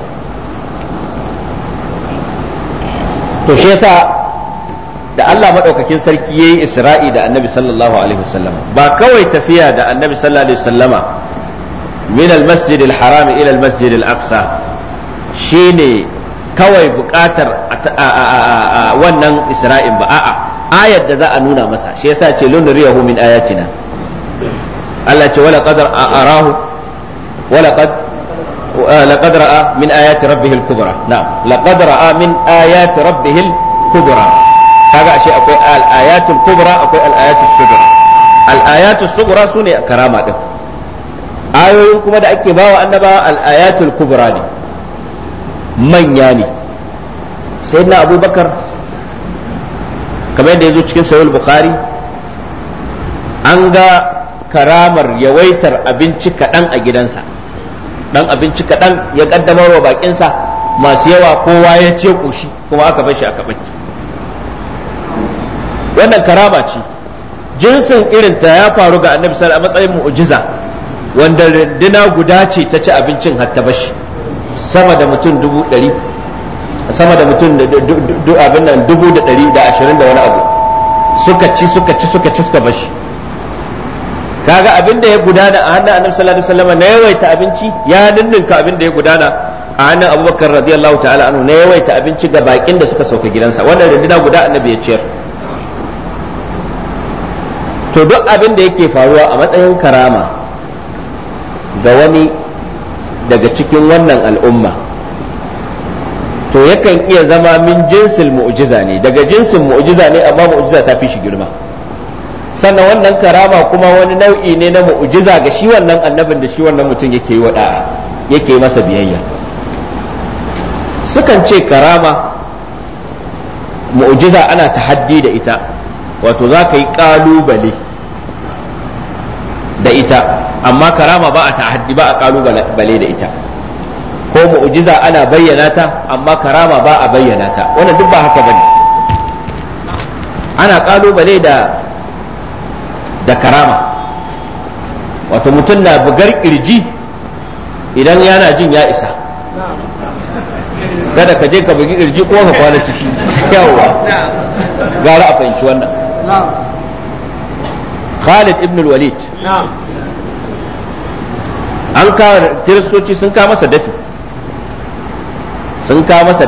to shi yasa da Allah maɗaukakin sarki yayi Isra'i da Annabi sallallahu alaihi wasallam ba kawai tafiya da Annabi sallallahu alaihi wasallama min al-masjid al-haram ila al-masjid al-aqsa shine kawai buƙatar wannan Isra'in ba a'a ayar da za a nuna masa shi yasa ce lunriyahu min ayatina Allah ce wala qadar arahu wala qad لقد رأى من آيات ربه الكبرى نعم لقد رأى من آيات ربه الكبرى kaga ashe akwai al-ayatul akwai al-ayatul sugra al-ayatul sugra sune karama din ayoyin kuma da ake bawa annaba al-ayatul kubra ne manya ne sayyidina abubakar kamar yadda yazo cikin sahih bukhari an ga karamar yawaitar abinci kaɗan a gidansa dan abinci kaɗan ya kaddamar wa baƙinsa masu yawa kowa ya ce ƙoshi kuma aka bar shi a kaɓaki wannan karama ce jinsin irinta ya faru ga annabi a matsayin mu'jiza wanda rindina guda ce ta ci abincin hatta bashi sama da mutum dubu ɗari sama da mutum abin nan dubu da ɗari da ashirin da wani abu suka ci suka ci suka ci suka bashi kaga abin da ya gudana a hannun annabi sallallahu alaihi wasallam na yawaita abinci ya dindinka abin da ya gudana a hannun abubakar radiyallahu ta'ala anhu na yawaita abinci ga bakin da suka sauka gidansa wannan rindina guda annabi ya ciyar to duk abin da yake faruwa a matsayin karama ga wani daga cikin wannan al'umma to yakan iya zama min jinsin mu'jiza ne daga jinsin mu'jiza ne amma mu'jiza ta fi shi girma sannan wannan karama kuma wani nau'i ne na mu'jiza ga shi wannan annabin da shi wannan mutum yake yi wada yake masa biyayya sukan ce karama mu'jiza ana tahaddi da ita wato za ka yi kalubale da ita amma karama ba a tahaddi ba a kalubale da ita ko mu'jiza ana bayyana ta amma karama ba a bayyana ta wannan duk ba haka bane ana kalubale da da karama wato mutum na bugar kirji idan yana jin ya isa kada ka je ka bugi kirji ko ka kwana ciki yawa gara a fahimci wannan Khalid ibn walid an kawo kiristoci sun kawo masa dafi sun kawo masa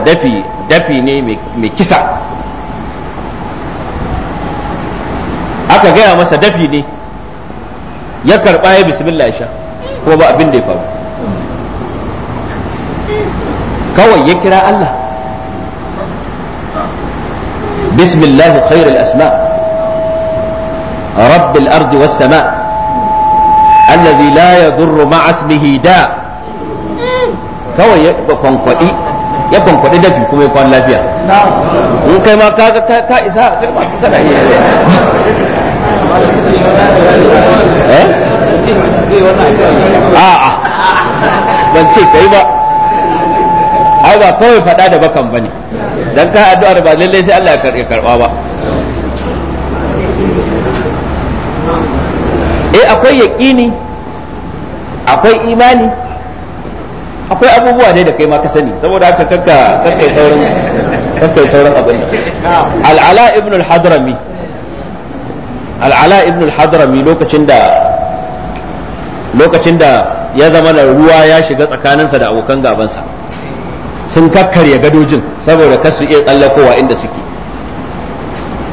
dafi ne mai kisa aka gaya masa dafi ne ya karba ya bismillah ya sha ko ba abin da ya faru kawai ya kira Allah bismillah khairul asma rabbil ardi was sama alladhi la yadurru ma'a ismihi da kawai ya kwankwadi dafi kuma ya kwan lafiya in kai ma ka isa Eh? a'a ban ce kai ba ai ba kawai faɗa da bakan ba ne don ka addu'ar ba lallai sai Allah ya karɓa ba eh akwai yaƙini akwai imani akwai abubuwa ne da kai ma ka sani saboda haka kakka kakkai sauran sauran abin al'ala ibn al-hadrami al'ala ibn al-hadrami lokacin da lokacin da ya zama da ruwa ya shiga tsakaninsa da abokan gabansa sun kakkarya gadojin saboda kar su iya tsallakowa inda suke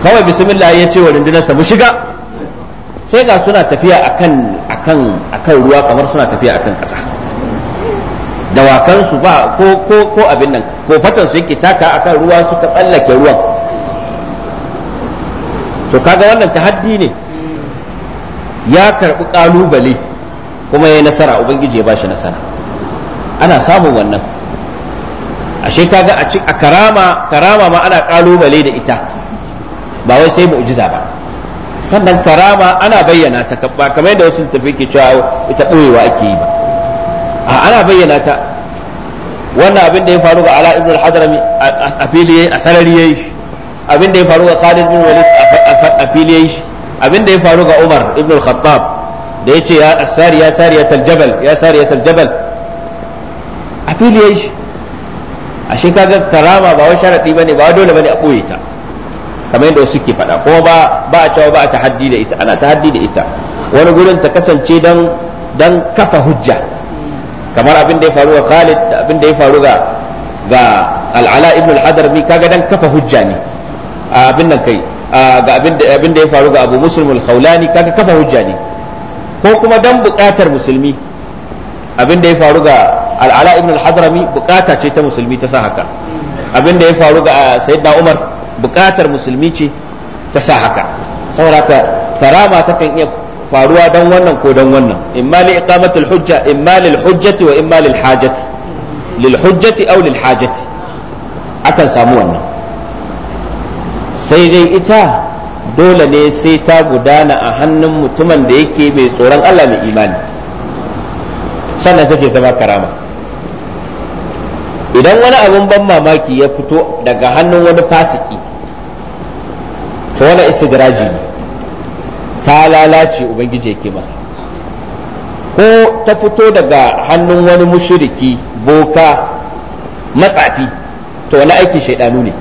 kawai bismillah ya ce wa rundunarsa mu shiga sai ga suna tafiya akan akan ruwa kamar suna tafiya akan ƙasa dawakansu ba ko ko ko abin nan ko fatan su yake taka akan ruwa suka tsallake ruwan to kaga wannan tahaddi ne ya karbi kalubale kuma ya nasara ubangiji ya bashi nasara ana samun wannan ashe kaga a a karama karama ma ana kalubale da ita ba wai sai mu'jiza ba sannan karama ana bayyana ta ba kamar yadda wasu tafi ke cewa ita ɓoyewa ake yi ba a ana bayyana ta wannan abin da ya faru ga ala ibn al-hadrami a fili a sarari yayi abin da ya faru ga Khalid bin Walid a fili yayi shi abin da ya faru ga Umar ibn al-Khattab da yace ya asari ya sariyatul jabal ya sariyatul jabal a fili yayi shi ashe kaga karama ba wai sharadi bane ba dole bane a koye ta kamar yadda suke faɗa ko ba ba a cewa ba a tahaddi da ita ana tahaddi da ita wani gurin ta kasance dan dan kafa hujja kamar abin da ya faru ga Khalid da abin da ya faru ga ga al'ala ibn al-hadarmi kaga dan kafa hujja ne abin nan kai ga abin da ya faru ga abu muslim al-khawlani kaga kafa hujja ne ko kuma dan buƙatar musulmi abin da ya faru ga al'ala ibn al-hadrami buƙata ce ta musulmi ta sa haka abin da ya faru ga sayyidina umar buƙatar musulmi ce ta sa haka saboda ka karama ta kan iya faruwa dan wannan ko dan wannan imma li iqamatil hujja imma lil hujjati wa imma lil hajati lil hujjati aw lil hajati akan samu wannan sai dai ita dole ne sai ta gudana a hannun mutumin da yake mai tsoron Allah mai imani sannan take zama karama idan wani abin ban mamaki ya fito daga hannun wani fasiki to wani istidraji ne ta lalace ubangiji yake masa ko ta fito daga hannun wani mushiriki boka matsafi to wani aiki shaidanu ne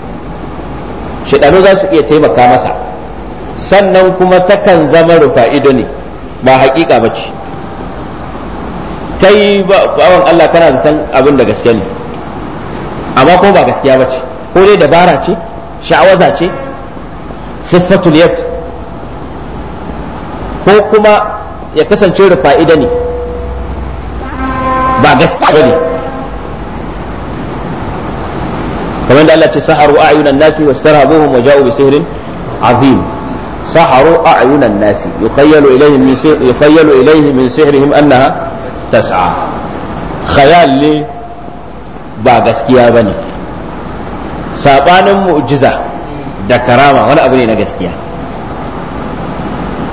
shidanu za su iya taimaka masa sannan kuma takan zama rufa ido ne ba haƙiƙa ba ce kai bawan Allah kana zaton abin da gaske ne amma ko ba gaskiya ba ce ko dai dabara ce sha'awaza ce fiffatul yad ko kuma ya kasance rufa ido ne ba gaskiya ba ne kamar da Allah ce saharu a'yunan nasi wastarhabuhum wa ja'u bi sihrin azim saharu a'yunan nasi yukhayyalu ilayhim min yukhayyalu ilayhim min sihrihim annaha tas'a khayal ne ba gaskiya bane sabanin mu'jiza da karama wani abu ne na gaskiya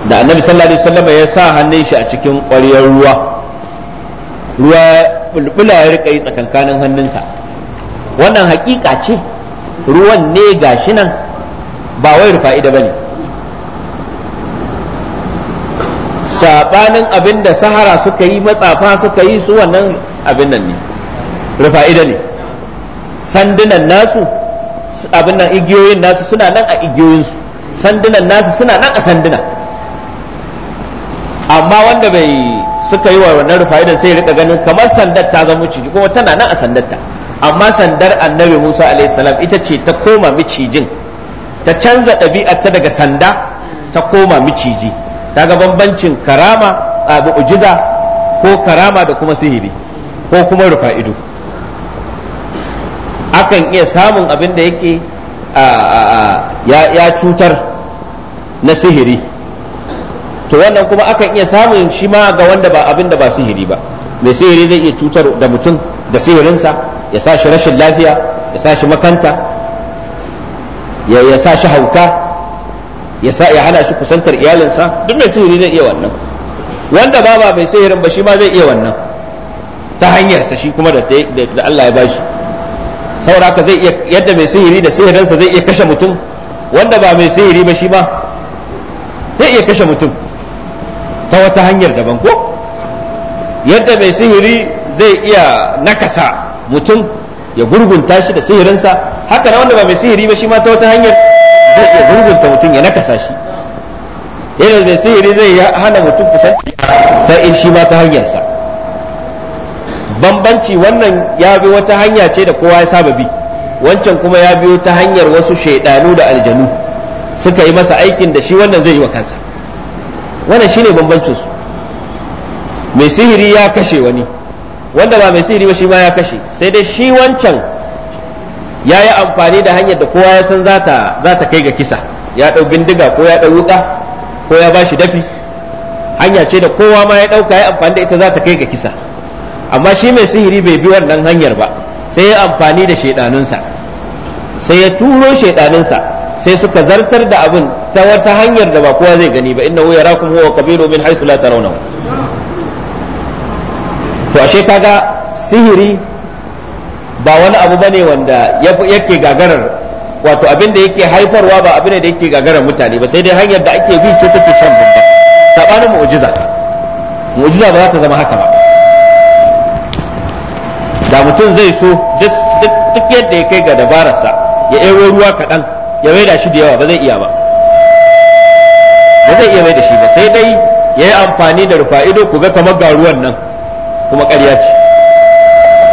da annabi sallallahu alaihi wasallam ya sa hannun shi a cikin ƙwaryar ruwa ruwa bulbula ya rika yi tsakankanin hannunsa wannan hakika ce ruwan ne ga shi nan ba wai rufa'ida bane sabanin abin da sahara suka yi matsafa suka yi su wannan abin nan ne rufa'ida ne sandunan nasu abin nan igiyoyin nasu suna nan a igiyoyinsu sandunan nasu suna nan a sanduna amma wanda bai suka yi wa wannan rufa'idan sai rika ganin kamar sandar ta zama ciki kuma tana nan a sandarta ta amma sandar annabi Musa alaihissalam ita ce ta koma micijin ta canza ɗabi'arta daga sanda ta koma miciji daga bambancin karama a mu'jiza ko karama da kuma sihiri ko kuma rufa ido akan iya samun abin da yake ya cutar na sihiri to wannan kuma akan iya samun shi ma ga wanda ba abin da ba sihiri ba mai sihiri zai iya cutar da mutum da sihirinsa ya sa shi rashin lafiya ya sa shi makanta ya sa shi hauka ya sa ya hana shi kusantar iyalinsa duk mai sihiri zai iya wannan wanda ba ba mai sihirin ba shi ma zai iya wannan ta hanyarsa shi kuma da Allah ya bashi saboda haka zai iya yadda mai sihiri da sihirinsa zai iya kashe mutum wanda ba mai sihiri ba shi ma zai iya kashe mutum ta wata hanyar daban ko yadda mai sihiri zai iya nakasa mutum ya gurgunta shi da sihirinsa haka na wanda ba mai sihiri ba shi ma ta wata hanyar zai iya gurgunta mutum ya nakasa shi yana mai sihiri zai hana mutum kusanci ta in shi ma ta hanyarsa bambanci wannan ya bi wata hanya ce da kowa ya saba bi wancan kuma ya biyo ta hanyar wasu shaidanu da aljanu suka yi masa aikin da shi wannan zai yi wa kansa wannan shine bambancinsu mai sihiri ya kashe wani wanda ba mai sihiri ba shi ma ya kashe sai dai shi wancan ya yi amfani da hanyar da kowa ya san za ta kai ga kisa ya ɗau bindiga ko ya ɗau wuƙa ko ya ba shi dafi hanya ce da kowa ma ya ɗauka ya amfani da ita za ta kai ga kisa amma shi mai sihiri bai bi wannan hanyar ba sai ya amfani da shaidanunsa sai ya turo shaidanunsa sai suka zartar da abin ta wata hanyar da ba kowa zai gani ba Inna innahu yarakum huwa Kabiru min haythu la tarawnahu to ashe kaga sihiri ba wani abu bane wanda yake gagarar wato abin da yake haifarwa ba abin da yake gagarar mutane ba sai dai hanyar da ake bi ce take shan bamba sabanin mu'jiza mu'jiza ba za ta zama haka ba da mutum zai so duk yadda ya kai ga dabararsa ya ɗebo ruwa kaɗan ya maida shi da yawa ba zai iya ba ba zai iya maida shi ba sai dai ya yi amfani da rufa ido ku ga kamar ga ruwan nan kuma ƙarya ce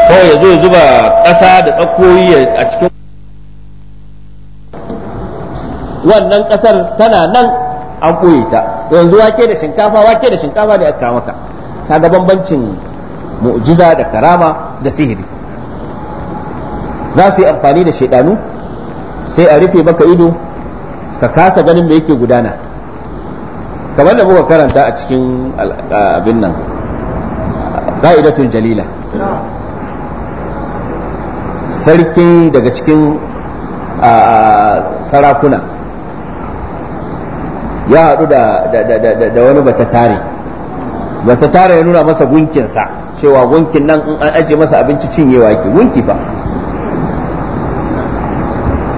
kawai ya zo ya zuba ƙasa da tsakoyi a cikin wannan ƙasar tana nan an ɓoye ta yanzu wake da shinkafa wake da shinkafa da aka maka ga bambancin mu'jiza da karama da sihiri za su yi amfani da shaidanu sai a rufe baka ido ka kasa ganin me yake gudana kamar da muka karanta a cikin abin nan qa'idatul jalila sarkin daga cikin sarakuna ya haɗu da wani bata tare bata tare ya nuna masa gunkinsa cewa gunkin nan in an aje masa abinci cinyewa yake gunki ba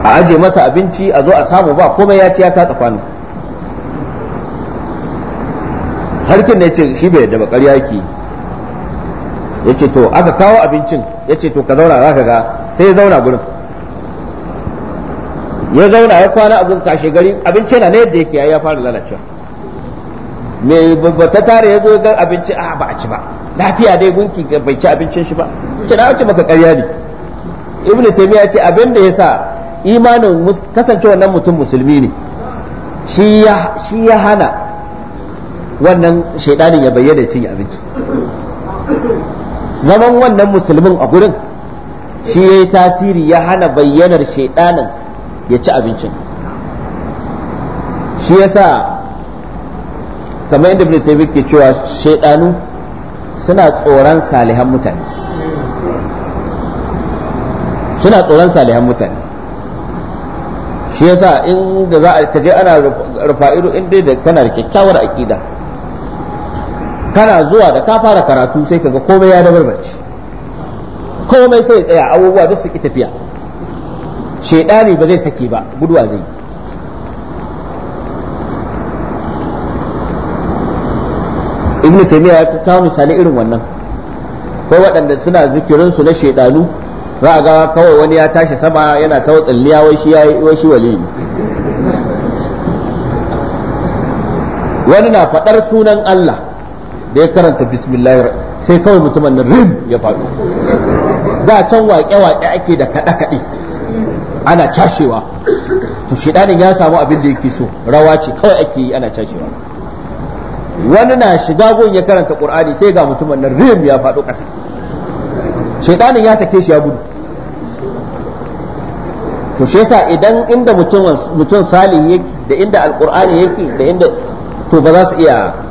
a aje masa abinci a zo a samu ba komai ya ci ya katsa kwano harkin da ya ce shi bai da bakar yaki Ya ce to aka kawo abincin ya ce to ka zauna za ka ga sai ya zauna gurin ya zauna ya kwana a gurin kashe gari abinci yana ne yadda yake ya fara lalacewa me ta tare ya zo ga abinci a ah, ba a ci ba lafiya dai gunki bai ci abincin shi ba ce na ce maka karya ne ibnu taymiya ce abin da yasa imanin kasance wannan mutum musulmi ne shi ya hana wannan shaidanin ya bayyana cin abinci zaman wannan musulmin a gurin shi ya yi tasiri ya hana bayyanar shaidanin ya ci abincin shi ya sa kamar yadda bin taymiyyah ke cewa shaidanu suna tsoron salihan mutane suna tsoron salihan mutane shi sa in da za a kaje ana rufa'iru in dai da kana da kyakkyawar aƙida kana zuwa da ka fara karatu sai ka ga komai ya dabarbarci komai sai ya tsaya abubuwa duk su ki tafiya shedani ba zai sake ba guduwa zai ibn taymiya ya kawo misali irin wannan ko waɗanda suna zikirin su na shedanu za a ga kawai wani ya tashi sama yana ta tsalliya wai shi wai shi wali wani na faɗar sunan Allah da ya karanta bismillah sai kawai mutumin nan rim ya faɗo da can waƙe-waƙe ake da kaɗe-kaɗe ana cashewa to shidanin ya samu abin da yake so rawa ce kawai ake yi ana cashewa wani na shiga gun ya karanta ƙur'ani sai ga mutumin nan rim ya faɗo ƙasa shidanin ya sake shi ya gudu to shi yasa idan inda mutum mutum salihin yake da inda alqur'ani yake da inda to ba za su iya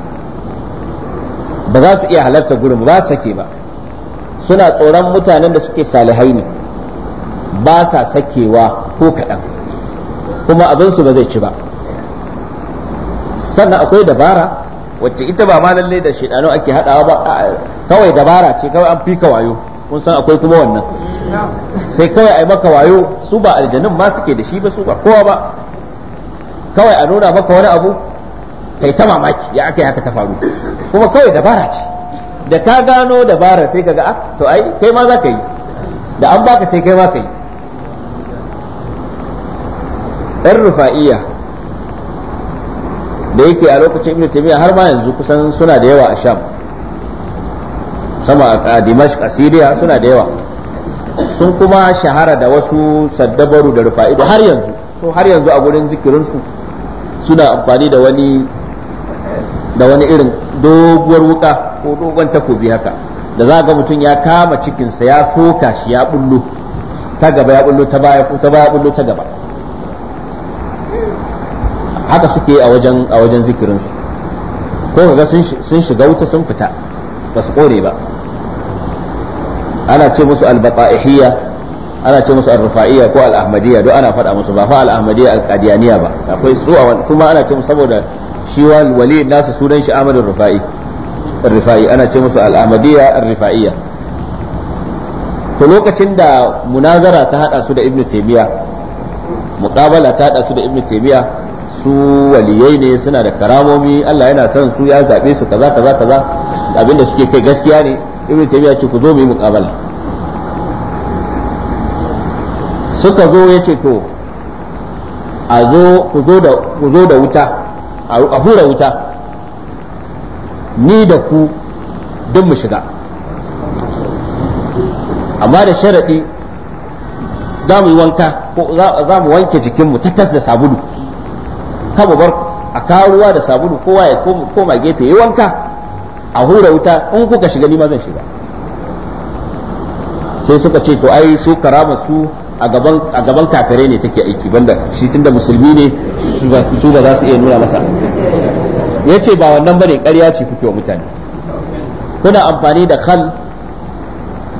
ba za su iya halarta gurin ba su sake ba suna tsoron mutanen da suke salihai ne ba sa sakewa ko kaɗan kuma abinsu ba zai ci ba sannan akwai dabara wacce ita ba ma lalle da shaidano ake haɗawa ba kawai dabara ce kawai an fi wayo kun san akwai kuma wannan sai kawai a yi maka wayo su ba aljanun ma suke da shi ba su ba kowa ba kawai a nuna maka wani abu kai ta mamaki ya aka haka ta faru kuma kawai dabara ce da ka gano dabara sai ka ga ah, to ai kai ma za ka yi da an baka sai kai ma ka yi ɗan rufa'iya da yake a lokacin ibn taymiya har ma yanzu kusan suna da yawa a sham sama a dimashq a syria suna da yawa sun kuma shahara da wasu saddabaru da rufa'ido har yanzu so har yanzu a gurin zikirinsu suna amfani da wani da wani irin doguwar wuka ko dogon takobi haka da za ga mutum ya kama cikinsa ya soka shi ya bullo ta gaba ya bullo ta baya ko ta baya bullo ta gaba haka suke a wajen a wajen zikirin su ko kaga sun shiga wuta sun fita ba su kore ba ana ce musu albata'ihiyya ana ce musu al-rufa'iyya ko al-ahmadiyya duk ana faɗa musu ba fa al-ahmadiyya al-qadiyaniya ba akwai su a kuma ana ce musu saboda shi wali nasu sunan shi Amadu rufai rufai ana ce musu al'amadiyya rufaiya to lokacin da munazara ta hada su da Ibn taymiya muqabala ta hada su da Ibn taymiya su waliyai ne suna da karamomi Allah yana son su ya zabe su kaza kaza kaza abinda suke kai gaskiya ne Ibn taymiya ce ku zo mu yi muqabala suka zo ya ce to a zo ku zo da wuta a hura wuta ni da ku duk mu shiga amma da sharaɗi za mu yi wanka ko za mu wanke jikinmu ta tas da sabulu kama bar a karuwa da sabulu kowa ya koma gefe yi wanka a hura wuta in kuka shiga ni ma zan shiga sai suka ce to ai su karama su a gaban kafirai ne take aiki banda shi tunda musulmi ne su ba za su iya nuna masa ce ba wannan bane ƙarya ce kuke wa mutane kuna amfani da khal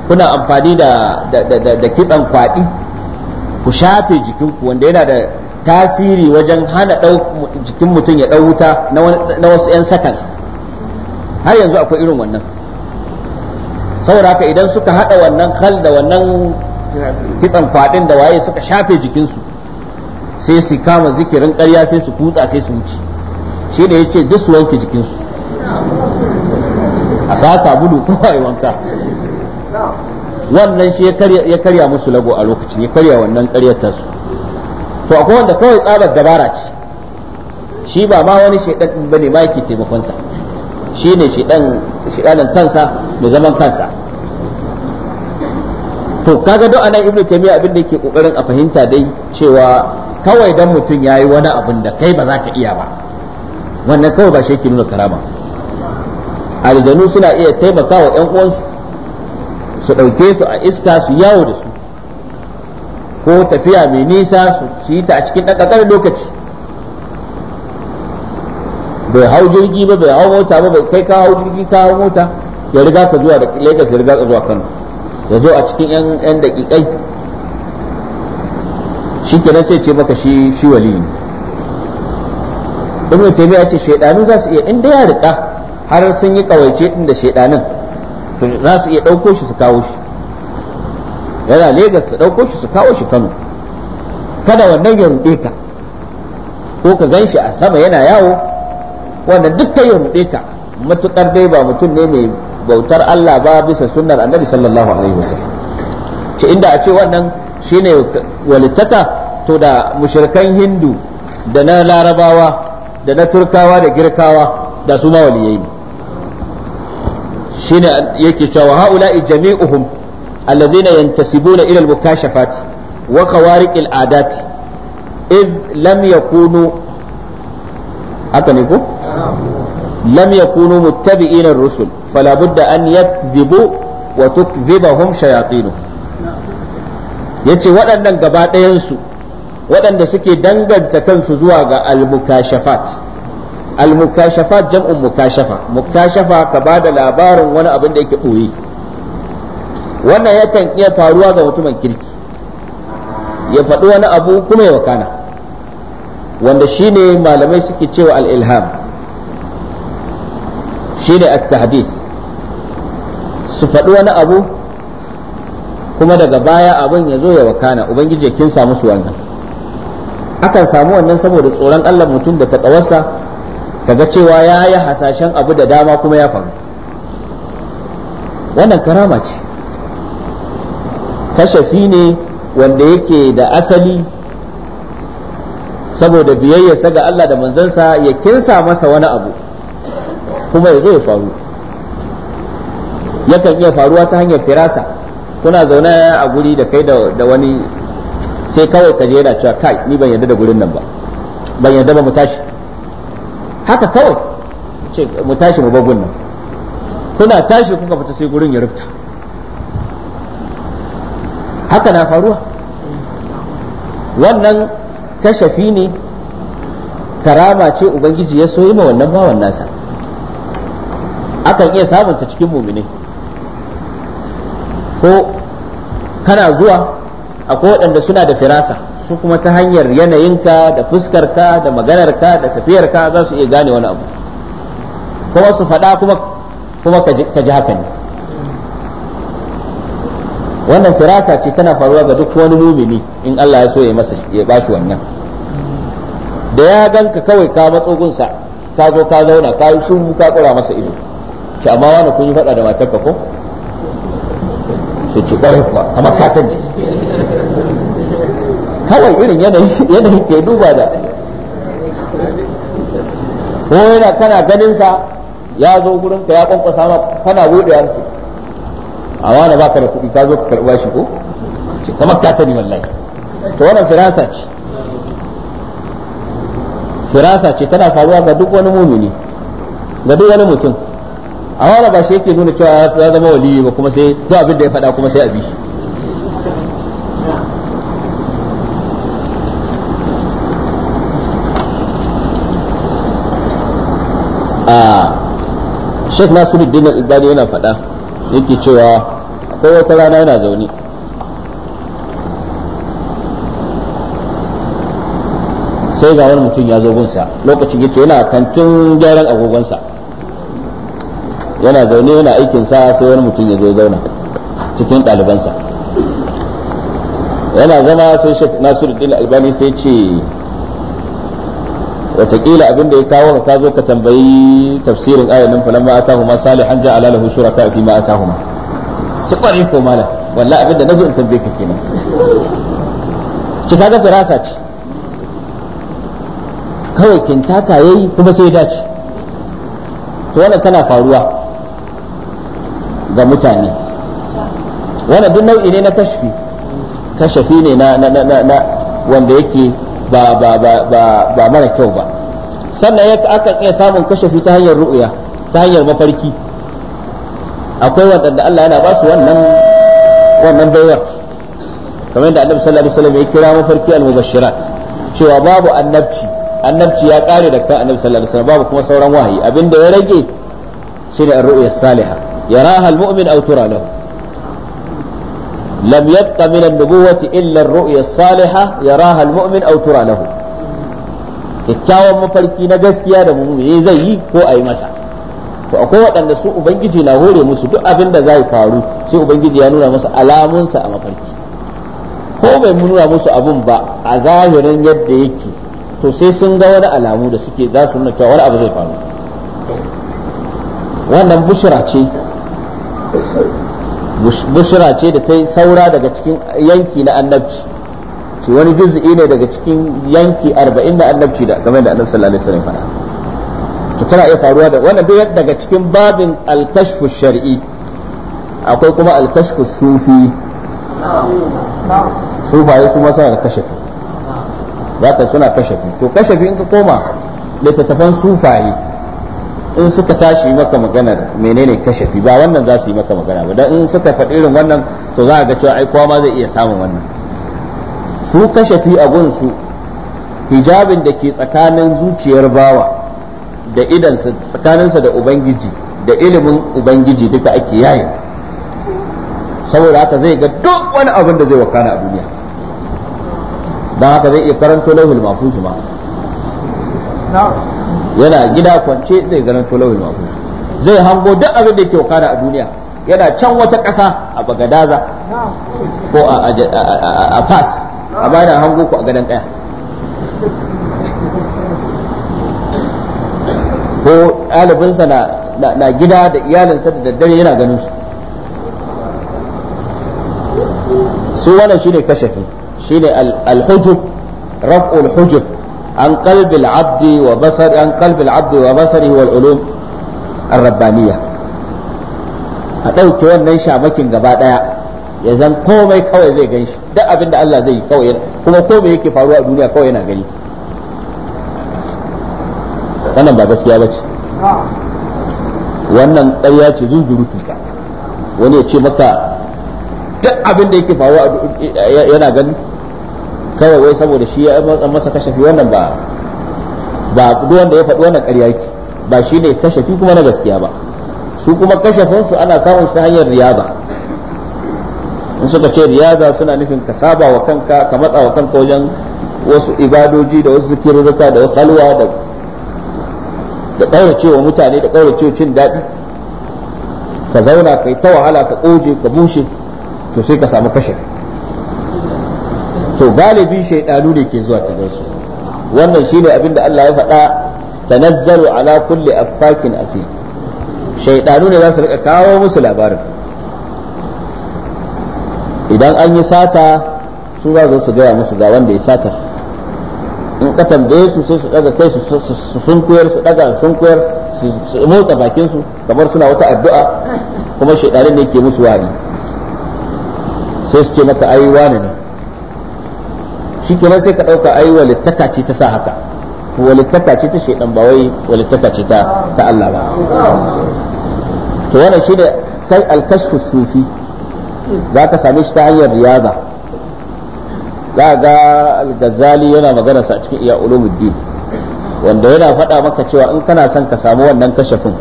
kuna amfani da kitsan kwaɗi ku shafe jikinku wanda yana da tasiri wajen hana jikin mutum ya ɗau wuta na wasu 'yan seconds har yanzu akwai irin wannan saboda haka idan suka haɗa wannan khal da wannan kitsan kwadin da waye suka shafe jikinsu sai su kama zikirin ƙarya sai su kutsa sai su wuce shi ne ya ce duk su wanke jikinsu a ka sabulu yi wanka wannan shi ya karya musu lago a lokacin ya karya wannan ƙaryar tasu to akwai wanda kawai tsabar dabara ce shi ba ma wani shaidan ba ne ma yake taimakonsa shi ne shaidan kansa da zaman kansa to kaga duk anan ibnu taymiya abin da yake kokarin a fahimta dai cewa kawai dan mutum yayi wani abin da kai ba za ka iya ba wannan kawai ba shi yake nuna karama aljanu suna iya taimakawa yan uwansu su ɗauke su a iska su yawo da su ko tafiya mai nisa su yi ta a cikin ɗan lokaci bai hau jirgi ba bai hau mota ba bai kai ka hau jirgi ka hau mota ya riga ka zuwa da Lagos ya riga ka zuwa Kano ya zo a cikin yan daƙiƙai shi kenan sai ce maka shi shi wali ne ibn taymiya ce shaidanu za su iya inda ya rika har sun yi kawaice din da shaydanin to za su iya ɗauko shi su kawo shi yana Legas su ɗauko shi su kawo shi Kano kada wannan ya ruɗe ka ko ka gan shi a sama yana yawo wannan duk ta ya ruɗe ka matuƙar dai ba mutum ne mai bautar Allah ba bisa sunnar annabi sallallahu alaihi wasallam ce inda a ce wannan shine walittaka to da mushrikan hindu da na larabawa da na turkawa da girkawa da su ma waliyai ne shine yake cewa haula'i jami'uhum alladhina yantasibuna ila al-mukashafati wa khawariq al-adati id lam yakunu haka ne ko lam yakunu muttabi'ina ar-rusul fala budda an yakdhibu wa yace waɗannan gaba ɗayansu waɗanda suke danganta kansu zuwa ga al-mukashafat al-mukashafat jam'un mukashafa mukashafa ka da labarin wani abin da yake ɓoye wannan yakan iya faruwa ga mutumin kirki ya faɗi wani abu kuma ya wakana wanda shine malamai suke cewa al-ilham shine ne su faɗi wani abu kuma daga baya abin ya zo ya wakana ubangiji kin samu su wannan akan samu wannan saboda tsoron Allah mutum da taƙawarsa kaga cewa ya yi hasashen abu da dama kuma ya faru wannan karama ce kashafi ne wanda yake da asali saboda biyayyarsa ga Allah da manzansa ya kinsa masa wani abu kuma ya zo ya faru yakan iya faruwa ta hanyar firasa kuna zaune a guri da kai da wani sai kawai ka je yana cewa kai ni ban yarda da gurin nan ba ban yarda ba mu tashi haka kawai ce mu tashi mu bagun nan kuna tashi kuka fita sai gurin ya rufta haka na faruwa wannan kashafi ne karama ce ubangiji ya so yi ma wannan bawan nasa akan iya samunta cikin mumini ko kana zuwa akwai waɗanda suna da firasa su kuma ta hanyar yanayinka da fuskarka da maganarka da tafiyarka za su iya gane wani abu kuma su faɗa kuma ka ji haka ne wannan firasa ce tana faruwa ga duk wani mumini in Allah ya so ya masa ya bashi wannan da ya ganka kawai ka matsogunsa ka zo ka zauna ka yi shuru ka kura masa ido ce amma wani kun yi faɗa da matarka ko sai ce ƙwarai kuma kamar ka sani kawai irin yanayi ke duba da ko yana kana ganin sa ya zo gurin ka ya kwankwasa sama kana bude hanci a wani baka da kuɗi ka zo ka karɓa shi ko ce kamar ka sani wallahi to wannan firansa ce firansa ce tana faruwa ga duk wani mumini ga duk wani mutum A wala ba shi yake nuna cewa ya zama waliyu ba kuma sai duk abin da ya faɗa kuma sai a bi a Sheikh Nasiruddin Al-Albani yana faɗa yake cewa akwai wata rana yana zaune sai ga wani mutum ya zo gunsa lokacin yace yana kantin gyaran agogonsa yana zaune yana aikin sa sai wani mutum ya zo zauna cikin ɗalibansa yana zama sai shek nasiruddin albani sai ce watakila abin da ya kawo ka zo ka tambayi tafsirin ayanin falamma atahuma salihan ja'ala lahu shuraka fi ma atahuma su kware ko mala wallahi abin da nazo in tambaye ka kenan cika ga firasa ce kawai kintata yayi kuma sai ya dace to wannan tana faruwa ga mutane wannan duk nau'i ne na kashfi kashafi ne na wanda yake ba ba mara kyau ba sannan ya aka iya samun kashafi ta hanyar ru'ya ta hanyar mafarki akwai wadanda Allah yana ba su wannan wannan baiwar kamar yadda Annabi sallallahu alaihi wasallam ya kira mafarki al-mubashirat cewa babu annabci annabci ya kare da kan Annabi sallallahu alaihi wasallam babu kuma sauran wahayi abinda ya rage shine ar-ru'ya salihah yaraha almu'min aw tura lahu lam yabqa min an-nubuwwati illa ar-ru'ya as-salihah yaraha almu'min aw tura lahu kyakkyawan mafarki na gaskiya da mummune zai yi ko a yi masa to akwai waɗanda su ubangiji na hore musu duk abin da zai faru sai ubangiji ya nuna musu alamunsa a mafarki ko bai nuna musu abun ba a zahirin yadda yake to sai sun ga wani alamu da suke za su nuna cewa wani abu zai faru wannan bushra ce bushira ce da ta yi saura daga cikin yanki na annabci ce wani juz'i ne daga cikin yanki arba'in na annabci da game da annabci sallallahu alaihi wasallam fara to tana iya faruwa da wannan duk daga cikin babin al-kashfu shar'i akwai kuma al-kashfu sufi sufaye su ma da kashafi zaka suna kashafi to kashafi in ka koma littattafan sufaye in suka tashi maka maganar menene kashafi ba wannan za su yi maka magana ba dan in suka faɗi irin wannan to za a ga cewa ai kowa ma zai iya samun wannan su kashafi a gunsu hijabin da ke tsakanin zuciyar bawa da idansa tsakaninsa da ubangiji da ilimin ubangiji duka ake yayi saboda haka zai ga duk wani abin da zai wakana a duniya don haka zai iya karanto lauhul mafusu ma yana gida kwance zai ganin tolawil mafu zai hango duk abin da ke wakana a duniya yana can wata ƙasa a bagadaza ko a fas amma yana hango ku a gadon ɗaya ko ɗalibinsa na gida da iyalinsa da daddare yana ganin su su wannan shine kashafi shine al-hujub raf'ul hujub عن قلب العبد وبصر عن قلب العبد وبصره والعلوم الربانية أدوك wannan shamakin gaba daya ya zan komai kawai zai ganshi shi duk abin da Allah zai yi kawai kuma komai yake faruwa a duniya kawai yana gani wannan ba gaskiya bace wannan ƙarya ce zunzurutu ta wani ya ce maka duk abin da yake faruwa yana gani kawai wai saboda shi ya masa kashafi wannan ba ba duk wanda ya faɗi wannan ƙarya yake ba shi ne kashafi kuma na gaskiya ba su kuma kashafin su ana samun su ta hanyar riyaza in suka ce riyaza suna nufin ka saba wa kanka ka matsa wa kanka wajen wasu ibadoji da wasu zikirruka da wasu halwa da ƙauracewa mutane da ƙauracewa cin daɗi ka zauna ka yi ta wahala ka ƙoje ka bushe to sai ka samu kashafi to galibi shaidanu ne ke zuwa ta gansu wannan shine abin da Allah ya faɗa tanazzalu ala kulli affakin asim shaidanu ne za su rika kawo musu labarin idan an yi sata su za su gaya musu ga wanda ya sata in ka tambaye su sai su daga kai su sunkuyar su daga sunkuyar su motsa bakin su kamar suna wata addu'a kuma shaidanin ne ke musu wani sai su ce maka ai wani ne shikenan sai ka dauka ai walittaka ce ta sa haka walittaka ce ta shedan ba wai walittaka ce ta ta Allah ba to wannan shine kai al-kashfu sufi zaka same shi ta hanyar riyaza za ga al-ghazali yana magana sa cikin iya ulumuddin wanda yana faɗa maka cewa in kana son ka samu wannan kashafin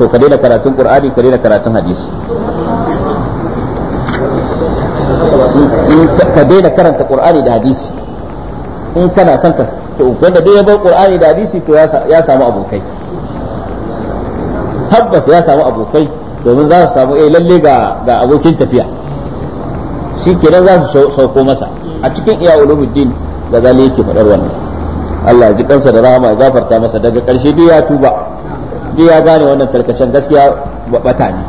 to ka daina karatun qur'ani ka daina karatun hadisi ka daina karanta qur'ani da hadisi in kana son ka to wanda duk ya bar qur'ani da hadisi to ya samu abokai tabbas ya samu abokai domin za su samu eh lalle ga ga abokin tafiya shi kenan za su sauko masa a cikin iya ulumuddin da zali yake faɗar wannan Allah ji kansa da rahama ya gafarta masa daga ƙarshe duk ya tuba duk ya gane wannan tarkacen gaskiya bata ne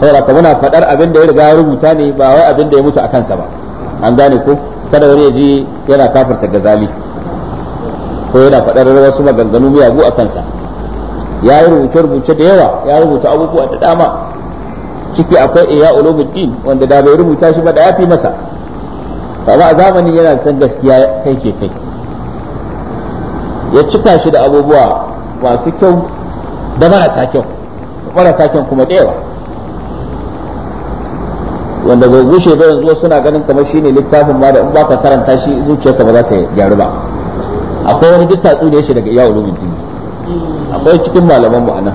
saboda muna faɗar abin da ya riga ya rubuta ne ba wai abin da ya mutu a kansa ba an gane ko kada wani ya ji yana kafirta zali ko yana faɗar wasu maganganu miyagu a kansa ya yi rubuce-rubuce da yawa ya rubuta abubuwa da dama ciki akwai iya ulumuddin wanda da bai rubuta shi ba da ya fi masa amma a zamani yana san gaskiya kai ke kai ya cika shi da abubuwa masu kyau da marasa kyau marasa kyau kuma da yawa wanda bai gushe ba yanzu suna ganin kamar shine littafin ma da in baka karanta shi zuciyarka ba za ta gyaru ba akwai wani duk ne shi daga iya ulumuddin akwai cikin malaman mu anan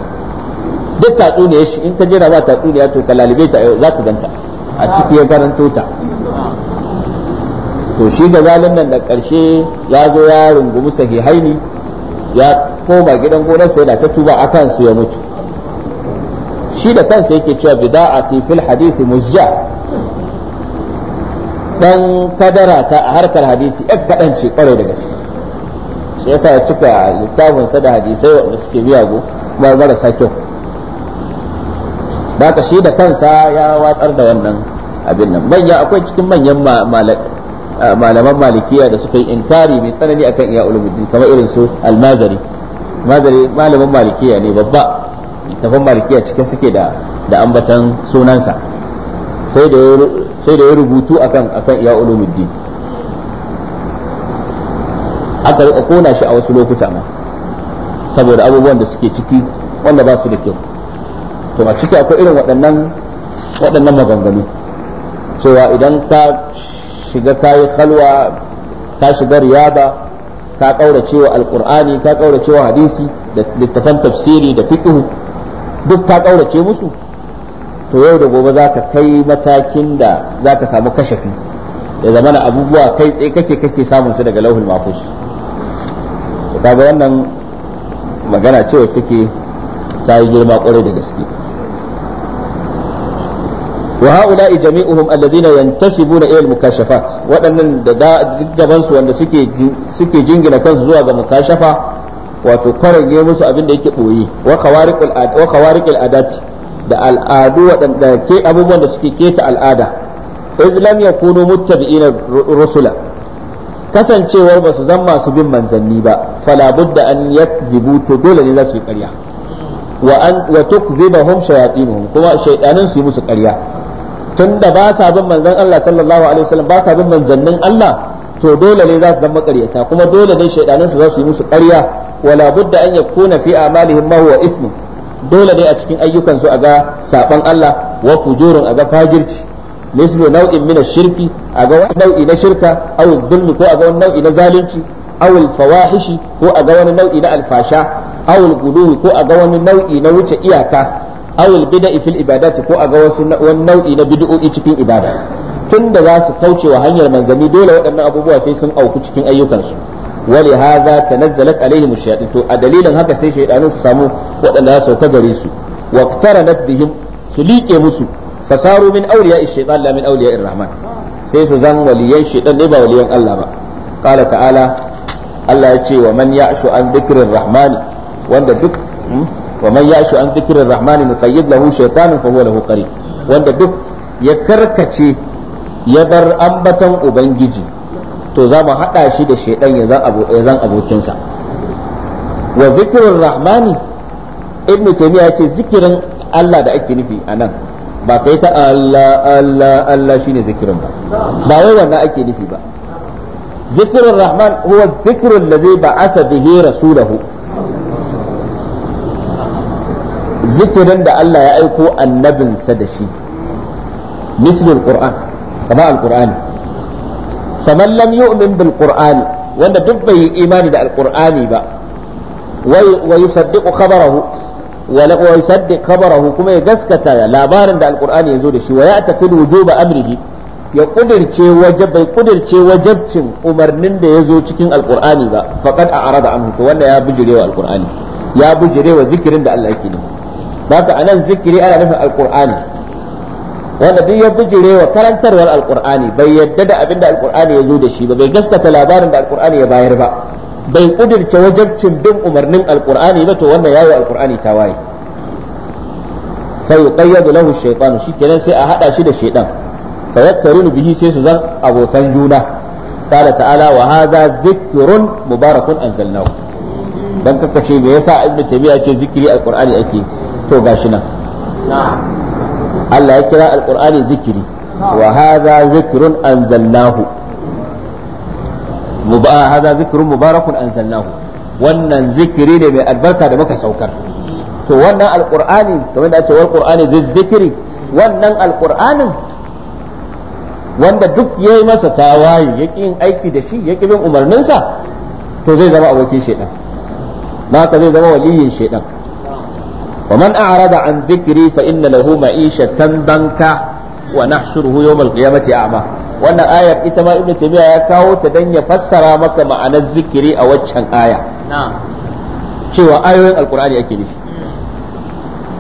duk ne shi in ka jira ba tatsuniya to ka lalibe ta eh, za ka ganta a ciki ya karanto ta to shi da zalin nan da karshe ya zo ya rungumi sahihaini ya koma gidan gonar sai da ta tuba a kansu ya mutu shi da kansa yake cewa bida'ati fil hadisi muzja dan kadara ta a harkar hadisi ɗan kaɗan ce ƙwarai da gaske shi yasa ya cika littafinsa da hadisai wanda suke biya go marasa kyau da shi da kansa ya watsar da wannan abin nan manya akwai cikin manyan malaman malikiya da suka yi inkari mai tsanani akan iya ulumuddin kamar irin su almazari mazari malamin malikiya ne babba tafan malikiya cike suke da da ambatan sunansa sai da ya rubutu akan akan iya ulumuddin aka rika kona shi a wasu lokuta ma saboda abubuwan da suke ciki wanda ba su da kyau to a ciki akwai irin waɗannan waɗannan maganganu cewa idan ka shiga kayi halwa ka shiga riyaba ka ƙaurace wa alƙur'ani ka ƙaurace wa hadisi da littafan tafsiri da fiƙihu duk ka ƙaurace musu to yau da gobe za ka kai matakin da za ka samu kashafi da zama na abubuwa kai tsaye kake kake samun su daga lauhul mahfuz to kaga wannan magana cewa kake ta yi girma kwarai da gaske wa haula'i jami'uhum alladhina yantasibuna ila al-mukashafat waɗannan da gaban su wanda suke suke jingina kansu zuwa ga mukashafa wato kwarage musu abin da yake boye wa khawariqul wa khawariqul adati da al'adu waɗanda ke abubuwan da suke keta al'ada idh lam yakunu muttabi'ina rusula kasancewar ba su zan masu bin manzanni ba fala da an yakzibu to dole ne za su yi ƙarya wa an wa tukzibahum shayatinuhum kuma shaydanin su yi musu ƙarya da ba sa bin manzan Allah sallallahu alaihi wasallam ba sa bin manzannin Allah to dole ne za su zama ƙaryata kuma dole ne shaydanin su za su yi musu ƙarya wala da an yakuna fi amalihim ma huwa ismun dole ne a cikin ayyukan su ga saban Allah wa fujurun ga fajirci mislu nau'in min shirki ga wani nau'i na shirka aw zulmi ko ga wani nau'i na zalunci aw fawahishi ko ga wani nau'i na alfasha aw guluwi ko ga wani nau'i na wuce iyaka aw bid'a fil ibadati ko a wasu wani nau'i na bid'o'i cikin ibada tunda za su kauce wa hanyar manzanni dole waɗannan abubuwa sai sun auku cikin ayyukansu wani haza ta nazzalat alaihim shayatin to a dalilin haka sai shaidanu su samu sauka gare su wa qtaranat bihim su liƙe musu fasaru min awliya ash-shaytan la min awliya ar-rahman sai su zan waliyan shaitan ne ba waliyan Allah ba qala ta'ala Allah ya ce wa man ya'shu an dhikrir rahmani wanda duk wa man ya'shu an dhikrir rahmani lahu wanda duk ya karkace ya bar ambatan ubangiji to za mu haɗa shi da shaidan ya zan abokinsa wa zikirin rahmani ibn taymiya ce zikirin Allah da ake nufi a nan ba kai ta Allah Allah Allah shine zikirin ba ba wai wannan ake nufi ba zikirin rahman huwa zikirin da zai ba ba'asa bihi rasulahu zikirin da Allah ya aiko annabinsa da shi mislul qur'an kama alqur'ani faman lam yu'min bil qur'ani wanda duk bai yi imani da alqur'ani ba wa yusaddiqu khabarahu wa yusaddiq khabarahu kuma ya gaskata labarin da alqur'ani yazo da shi wa ya'taqidu wujuba amrihi ya kudirce wajab bai kudirce wajabcin umarnin da yazo cikin alqur'ani ba faqad a'rada anhu to wannan ya bijirewa alqur'ani ya bijirewa zikirin da Allah yake ne haka anan zikiri ana nufin alqur'ani wanda duk ya bijire wa karantarwar al'kur'ani bai yadda da abinda al'kur'ani ya zo da shi ba bai gaskata labarin da al'kur'ani ya bayar ba bai kudirce cin bin umarnin al'kur'ani ba to wannan yayi ta waye fa yuqayyadu lahu shaytanu shikenan sai a hada shi da shaytan fa yaktarinu bihi sai su zan abokan juna قال ala وهذا ذكر mubarakun أنزلناه dan kaka ce me yasa ibnu tabi'a ce zikiri al'kur'ani ake to gashi nan Allah ya kira alqur'ani zikiri wa hadha zikrun anzalnahu hadha zikrun mubarakun anzalnahu wannan zikiri ne mai albarka da muka saukar to wannan alqur'ani kamar da ce wal qur'ani zikiri wannan alqur'anin wanda duk ya yi masa tawaye ya ƙi yin aiki da shi ya ƙi bin umarninsa to zai zama abokin shaidan naka zai zama waliyin shaidan wa man a'rada an dhikri fa inna lahu ma'ishatan danka wa nahshuruhu wannan ayar ita ma ibnu miya ya kawo ta dan ya fassara maka ma'anar zikiri a waccan aya cewa ayoyin alkur'ani ake nufi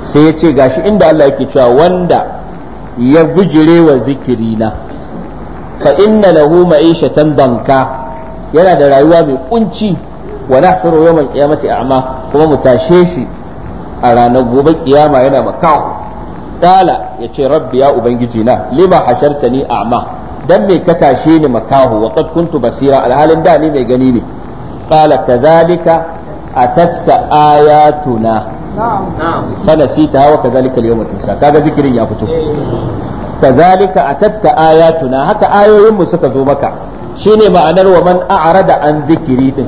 sai ya ce gashi inda Allah yake cewa wanda ya bijire wa na fa inna lahu ma'ishatan banka yana da rayuwa mai kunci wa nahshuru yawm qiyamati a'ma kuma mu tashe shi a ranar gobe kiyama yana makaho kala ya ce rabbi ya ubangiji na lima hasharta hashartani a'ma dan me ka tashe ni makaho wa qad kuntu basira alhalin da ni mai gani ne kala kadhalika atatka ayatuna fa nasitaha wa kadhalika al-yawma tunsa kaga zikirin ya fito kadhalika atatka ayatuna haka ayoyin mu suka zo maka shine ma'anar wa man a'rada an zikiri din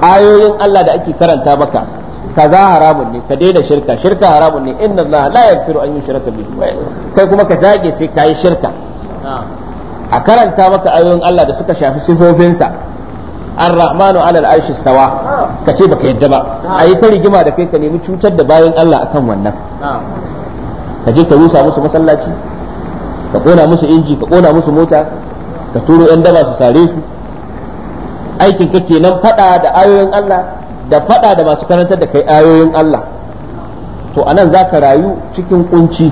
ayoyin Allah da ake karanta maka kaza haramun ne ka daina shirka shirka haramun ne inna allaha la yaghfiru an yushraka bihi kai kuma ka zage sai ka yi shirka a karanta maka ayoyin Allah da suka shafi sifofinsa ar-rahmanu alal arshi stawa ka baka yadda ba a yi ta rigima da kai ka nemi cutar da bayan Allah akan wannan ka je ka rusa musu masallaci ka kona musu inji ka kona musu mota ka turo yan daba su sare su aikin ka kenan faɗa da ayoyin Allah da faɗa da masu karantar da kai ayoyin Allah to anan za ka rayu cikin kunci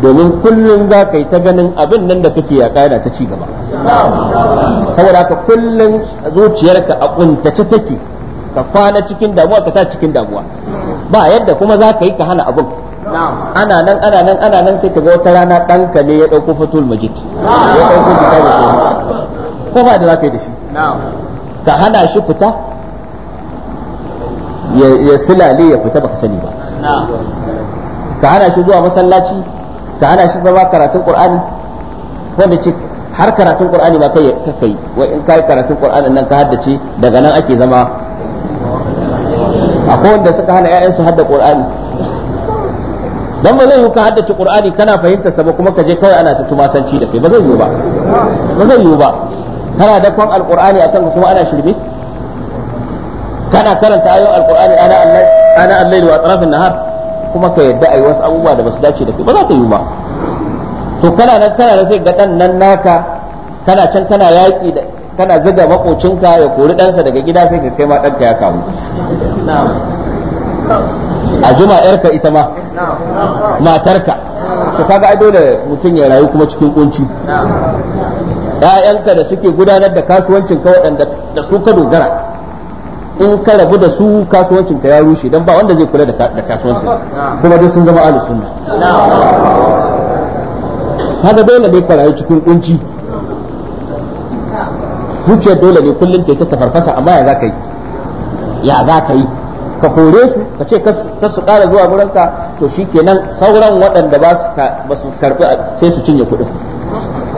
domin kullum za ka yi ta ganin abin nan da kake yaƙa yana ta ci gaba saboda haka kullum zuciyarka a kuntace take ka kwana cikin damuwa ka ta cikin damuwa ba yadda kuma za ka yi ka hana abin ana nan ana nan ana nan sai ka ga wata rana ɗanka ne ya ɗauko fatul majid ya ɗauko fita da ko ba da za ka yi da shi ka hana shi fita ya silale ya fita baka sani ba ka hana shi zuwa masallaci ka hana shi zama karatun qur'ani wanda ce har karatun qur'ani ma kai kai wai in kai karatun qur'anin nan ka haddace daga nan ake zama akwai wanda suka hana ƴaƴan su hadda qur'ani dan ba zai yi ka haddace qur'ani kana fahimta sa ba kuma ka je kawai ana ta tumasanci da kai ba zai yi ba ba zai yi ba kana da kwan alqur'ani akan kuma ana shirme kana karanta ayoyin alqur'ani ana allai ana allai wa atrafin nahar kuma ka yadda ai wasu abubuwa da basu dace da kai ba za ta yi ba to kana nan kana nan sai ga dan nan naka kana can kana yaki da kana zuga makocinka ya kori ɗansa daga gida sai ka kai ma ɗanka ya kamu a juma yarka ita ma matarka to kaga ai dole mutum ya rayu kuma cikin kunci ‘ya'yanka da suke gudanar da kasuwancin ka waɗanda da su ka dogara in ka rabu da su kasuwancin ka ya rushe dan ba wanda zai kula da kasuwancin kuma dai sun zama ahlus sunna haka dole ne ka rayu cikin kunci zuciyar dole ne kullum ta ta farfasa amma ya za ka yi ya za ka yi ka kore su ka ce ka su ƙara zuwa gurinka to shikenan sauran waɗanda ba su karɓi sai su cinye kuɗin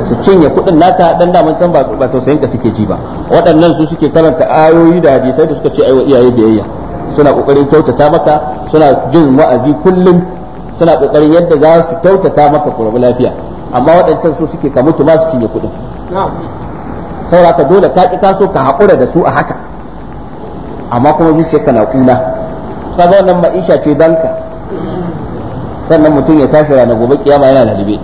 su cinye kuɗin naka dan daman san ba tausayin ka suke ji ba waɗannan su suke karanta ayoyi da hadisai da suka ce aiwa iyaye biyayya suna kokarin kyautata maka suna jin wa'azi kullum suna kokarin yadda za su kyautata maka ku rabu lafiya amma waɗancan su suke ka mutu ma su cinye kuɗin ka dole ka ki kaso ka haƙura da su a haka amma kuma ka na kuna kaga wannan ma'isha ce banka sannan mutum ya tashi ranar gobe kiyama yana lalibe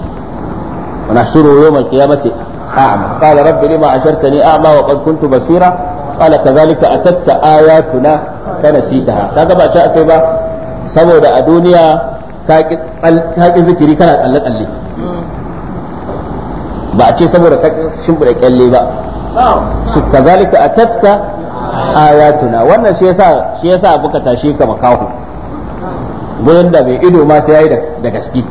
ونحشره يوم القيامة أعمى قال رب لما عشرتني أعمى وقد كنت بصيرا قال كذلك أتتك آياتنا فنسيتها كذا ما شاء كيما سمو دا دنيا كاكي ذكري كان أتألت ألي ba a ce saboda ka shimfiɗa kyalle ba kazalika atatka ayatuna wannan shi yasa shi yasa muka tashe ka makaho. gurin da bai ido ma sai yayi da gaske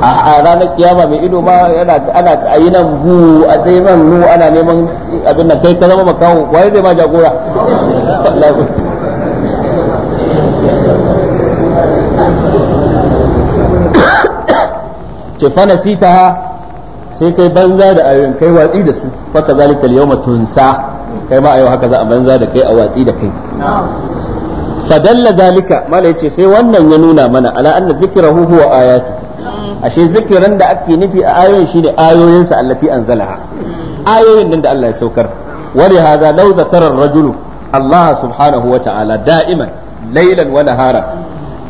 a ranar kiyama mai ido ma yana ana ayi nan bu a tsaye nan nu ana neman abin nan kai ka zama makawo waye zai ma jagora ce (coughs) fa nasitaha sai kai banza da ayoyin kai watsi da su faka kazalika al-yawma tunsa kai ma ayo haka za a banza da kai a watsi da kai fadalla zalika mala yace sai wannan ya nuna mana ala anna dhikrahu huwa ayatu ashe zikirin da ake nufi a ayoyin shine ayoyinsa allati anzalaha ayoyin nan da Allah ya saukar wani hada law zakara ar-rajul Allah subhanahu wa ta'ala da'iman laylan wa nahara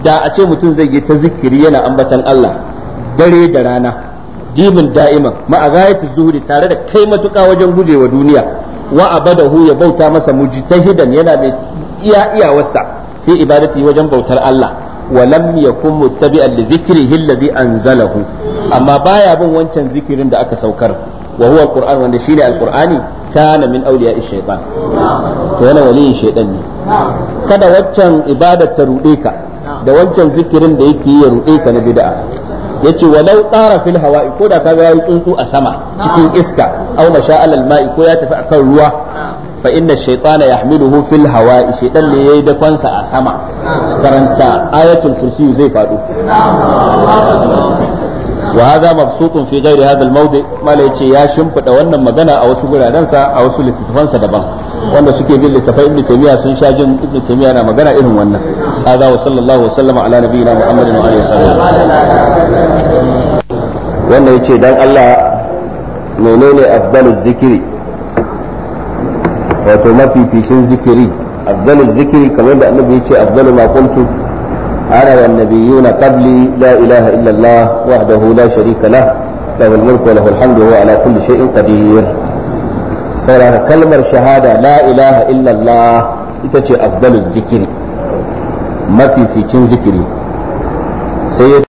da a ce mutum zai yi ta zikiri yana ambatan Allah dare da rana dibin da'iman ma'a gayatu zuhuri tare da kai matuka wajen gujewa duniya wa abadahu ya bauta masa mujtahidan yana mai iya wasa fi ibadati wajen bautar Allah wa lam yakun muttabi'an li dhikrihi alladhi anzalahu amma baya bin wancan zikirin da aka saukar wa huwa alquran wanda shine alqurani kana min awliya ash-shaytan to yana waliyin shaytan ne kada waccan ibadar ta rude ka da wancan zikirin da yake ya rude ka na bid'a yace walau tara fil hawa'i ko da ka yayi tsuntsu a sama cikin iska aw masha alal ko ya tafi akan ruwa fa inna shaytana yahmiluhu fil hawa'i shaytan ne yayi da a sama karanta ayatul kursi zai fadu wa hadha mabsutun fi ghairi hadha al mawdi mala yace ya shimfida wannan magana a wasu guraren sa a wasu littafansa daban wanda suke bin littafai ibnu taymiya sun sha jin ibnu taymiya na magana irin wannan hadha wa sallallahu wa sallama ala nabiyyina muhammadin wa alihi wa wannan yace dan Allah menene afdalul zikiri wato mafificin zikiri afdalul zikiri kamar da annabi ya ce afdalu ma qultu ana wan na qabli la ilaha illa allah wahdahu la sharika lah lahu al-mulku wa lahu al-hamdu wa ala kulli shay'in qadir saboda kalmar shahada la ilaha illa allah ita ce afdalul zikiri mafificin zikiri sai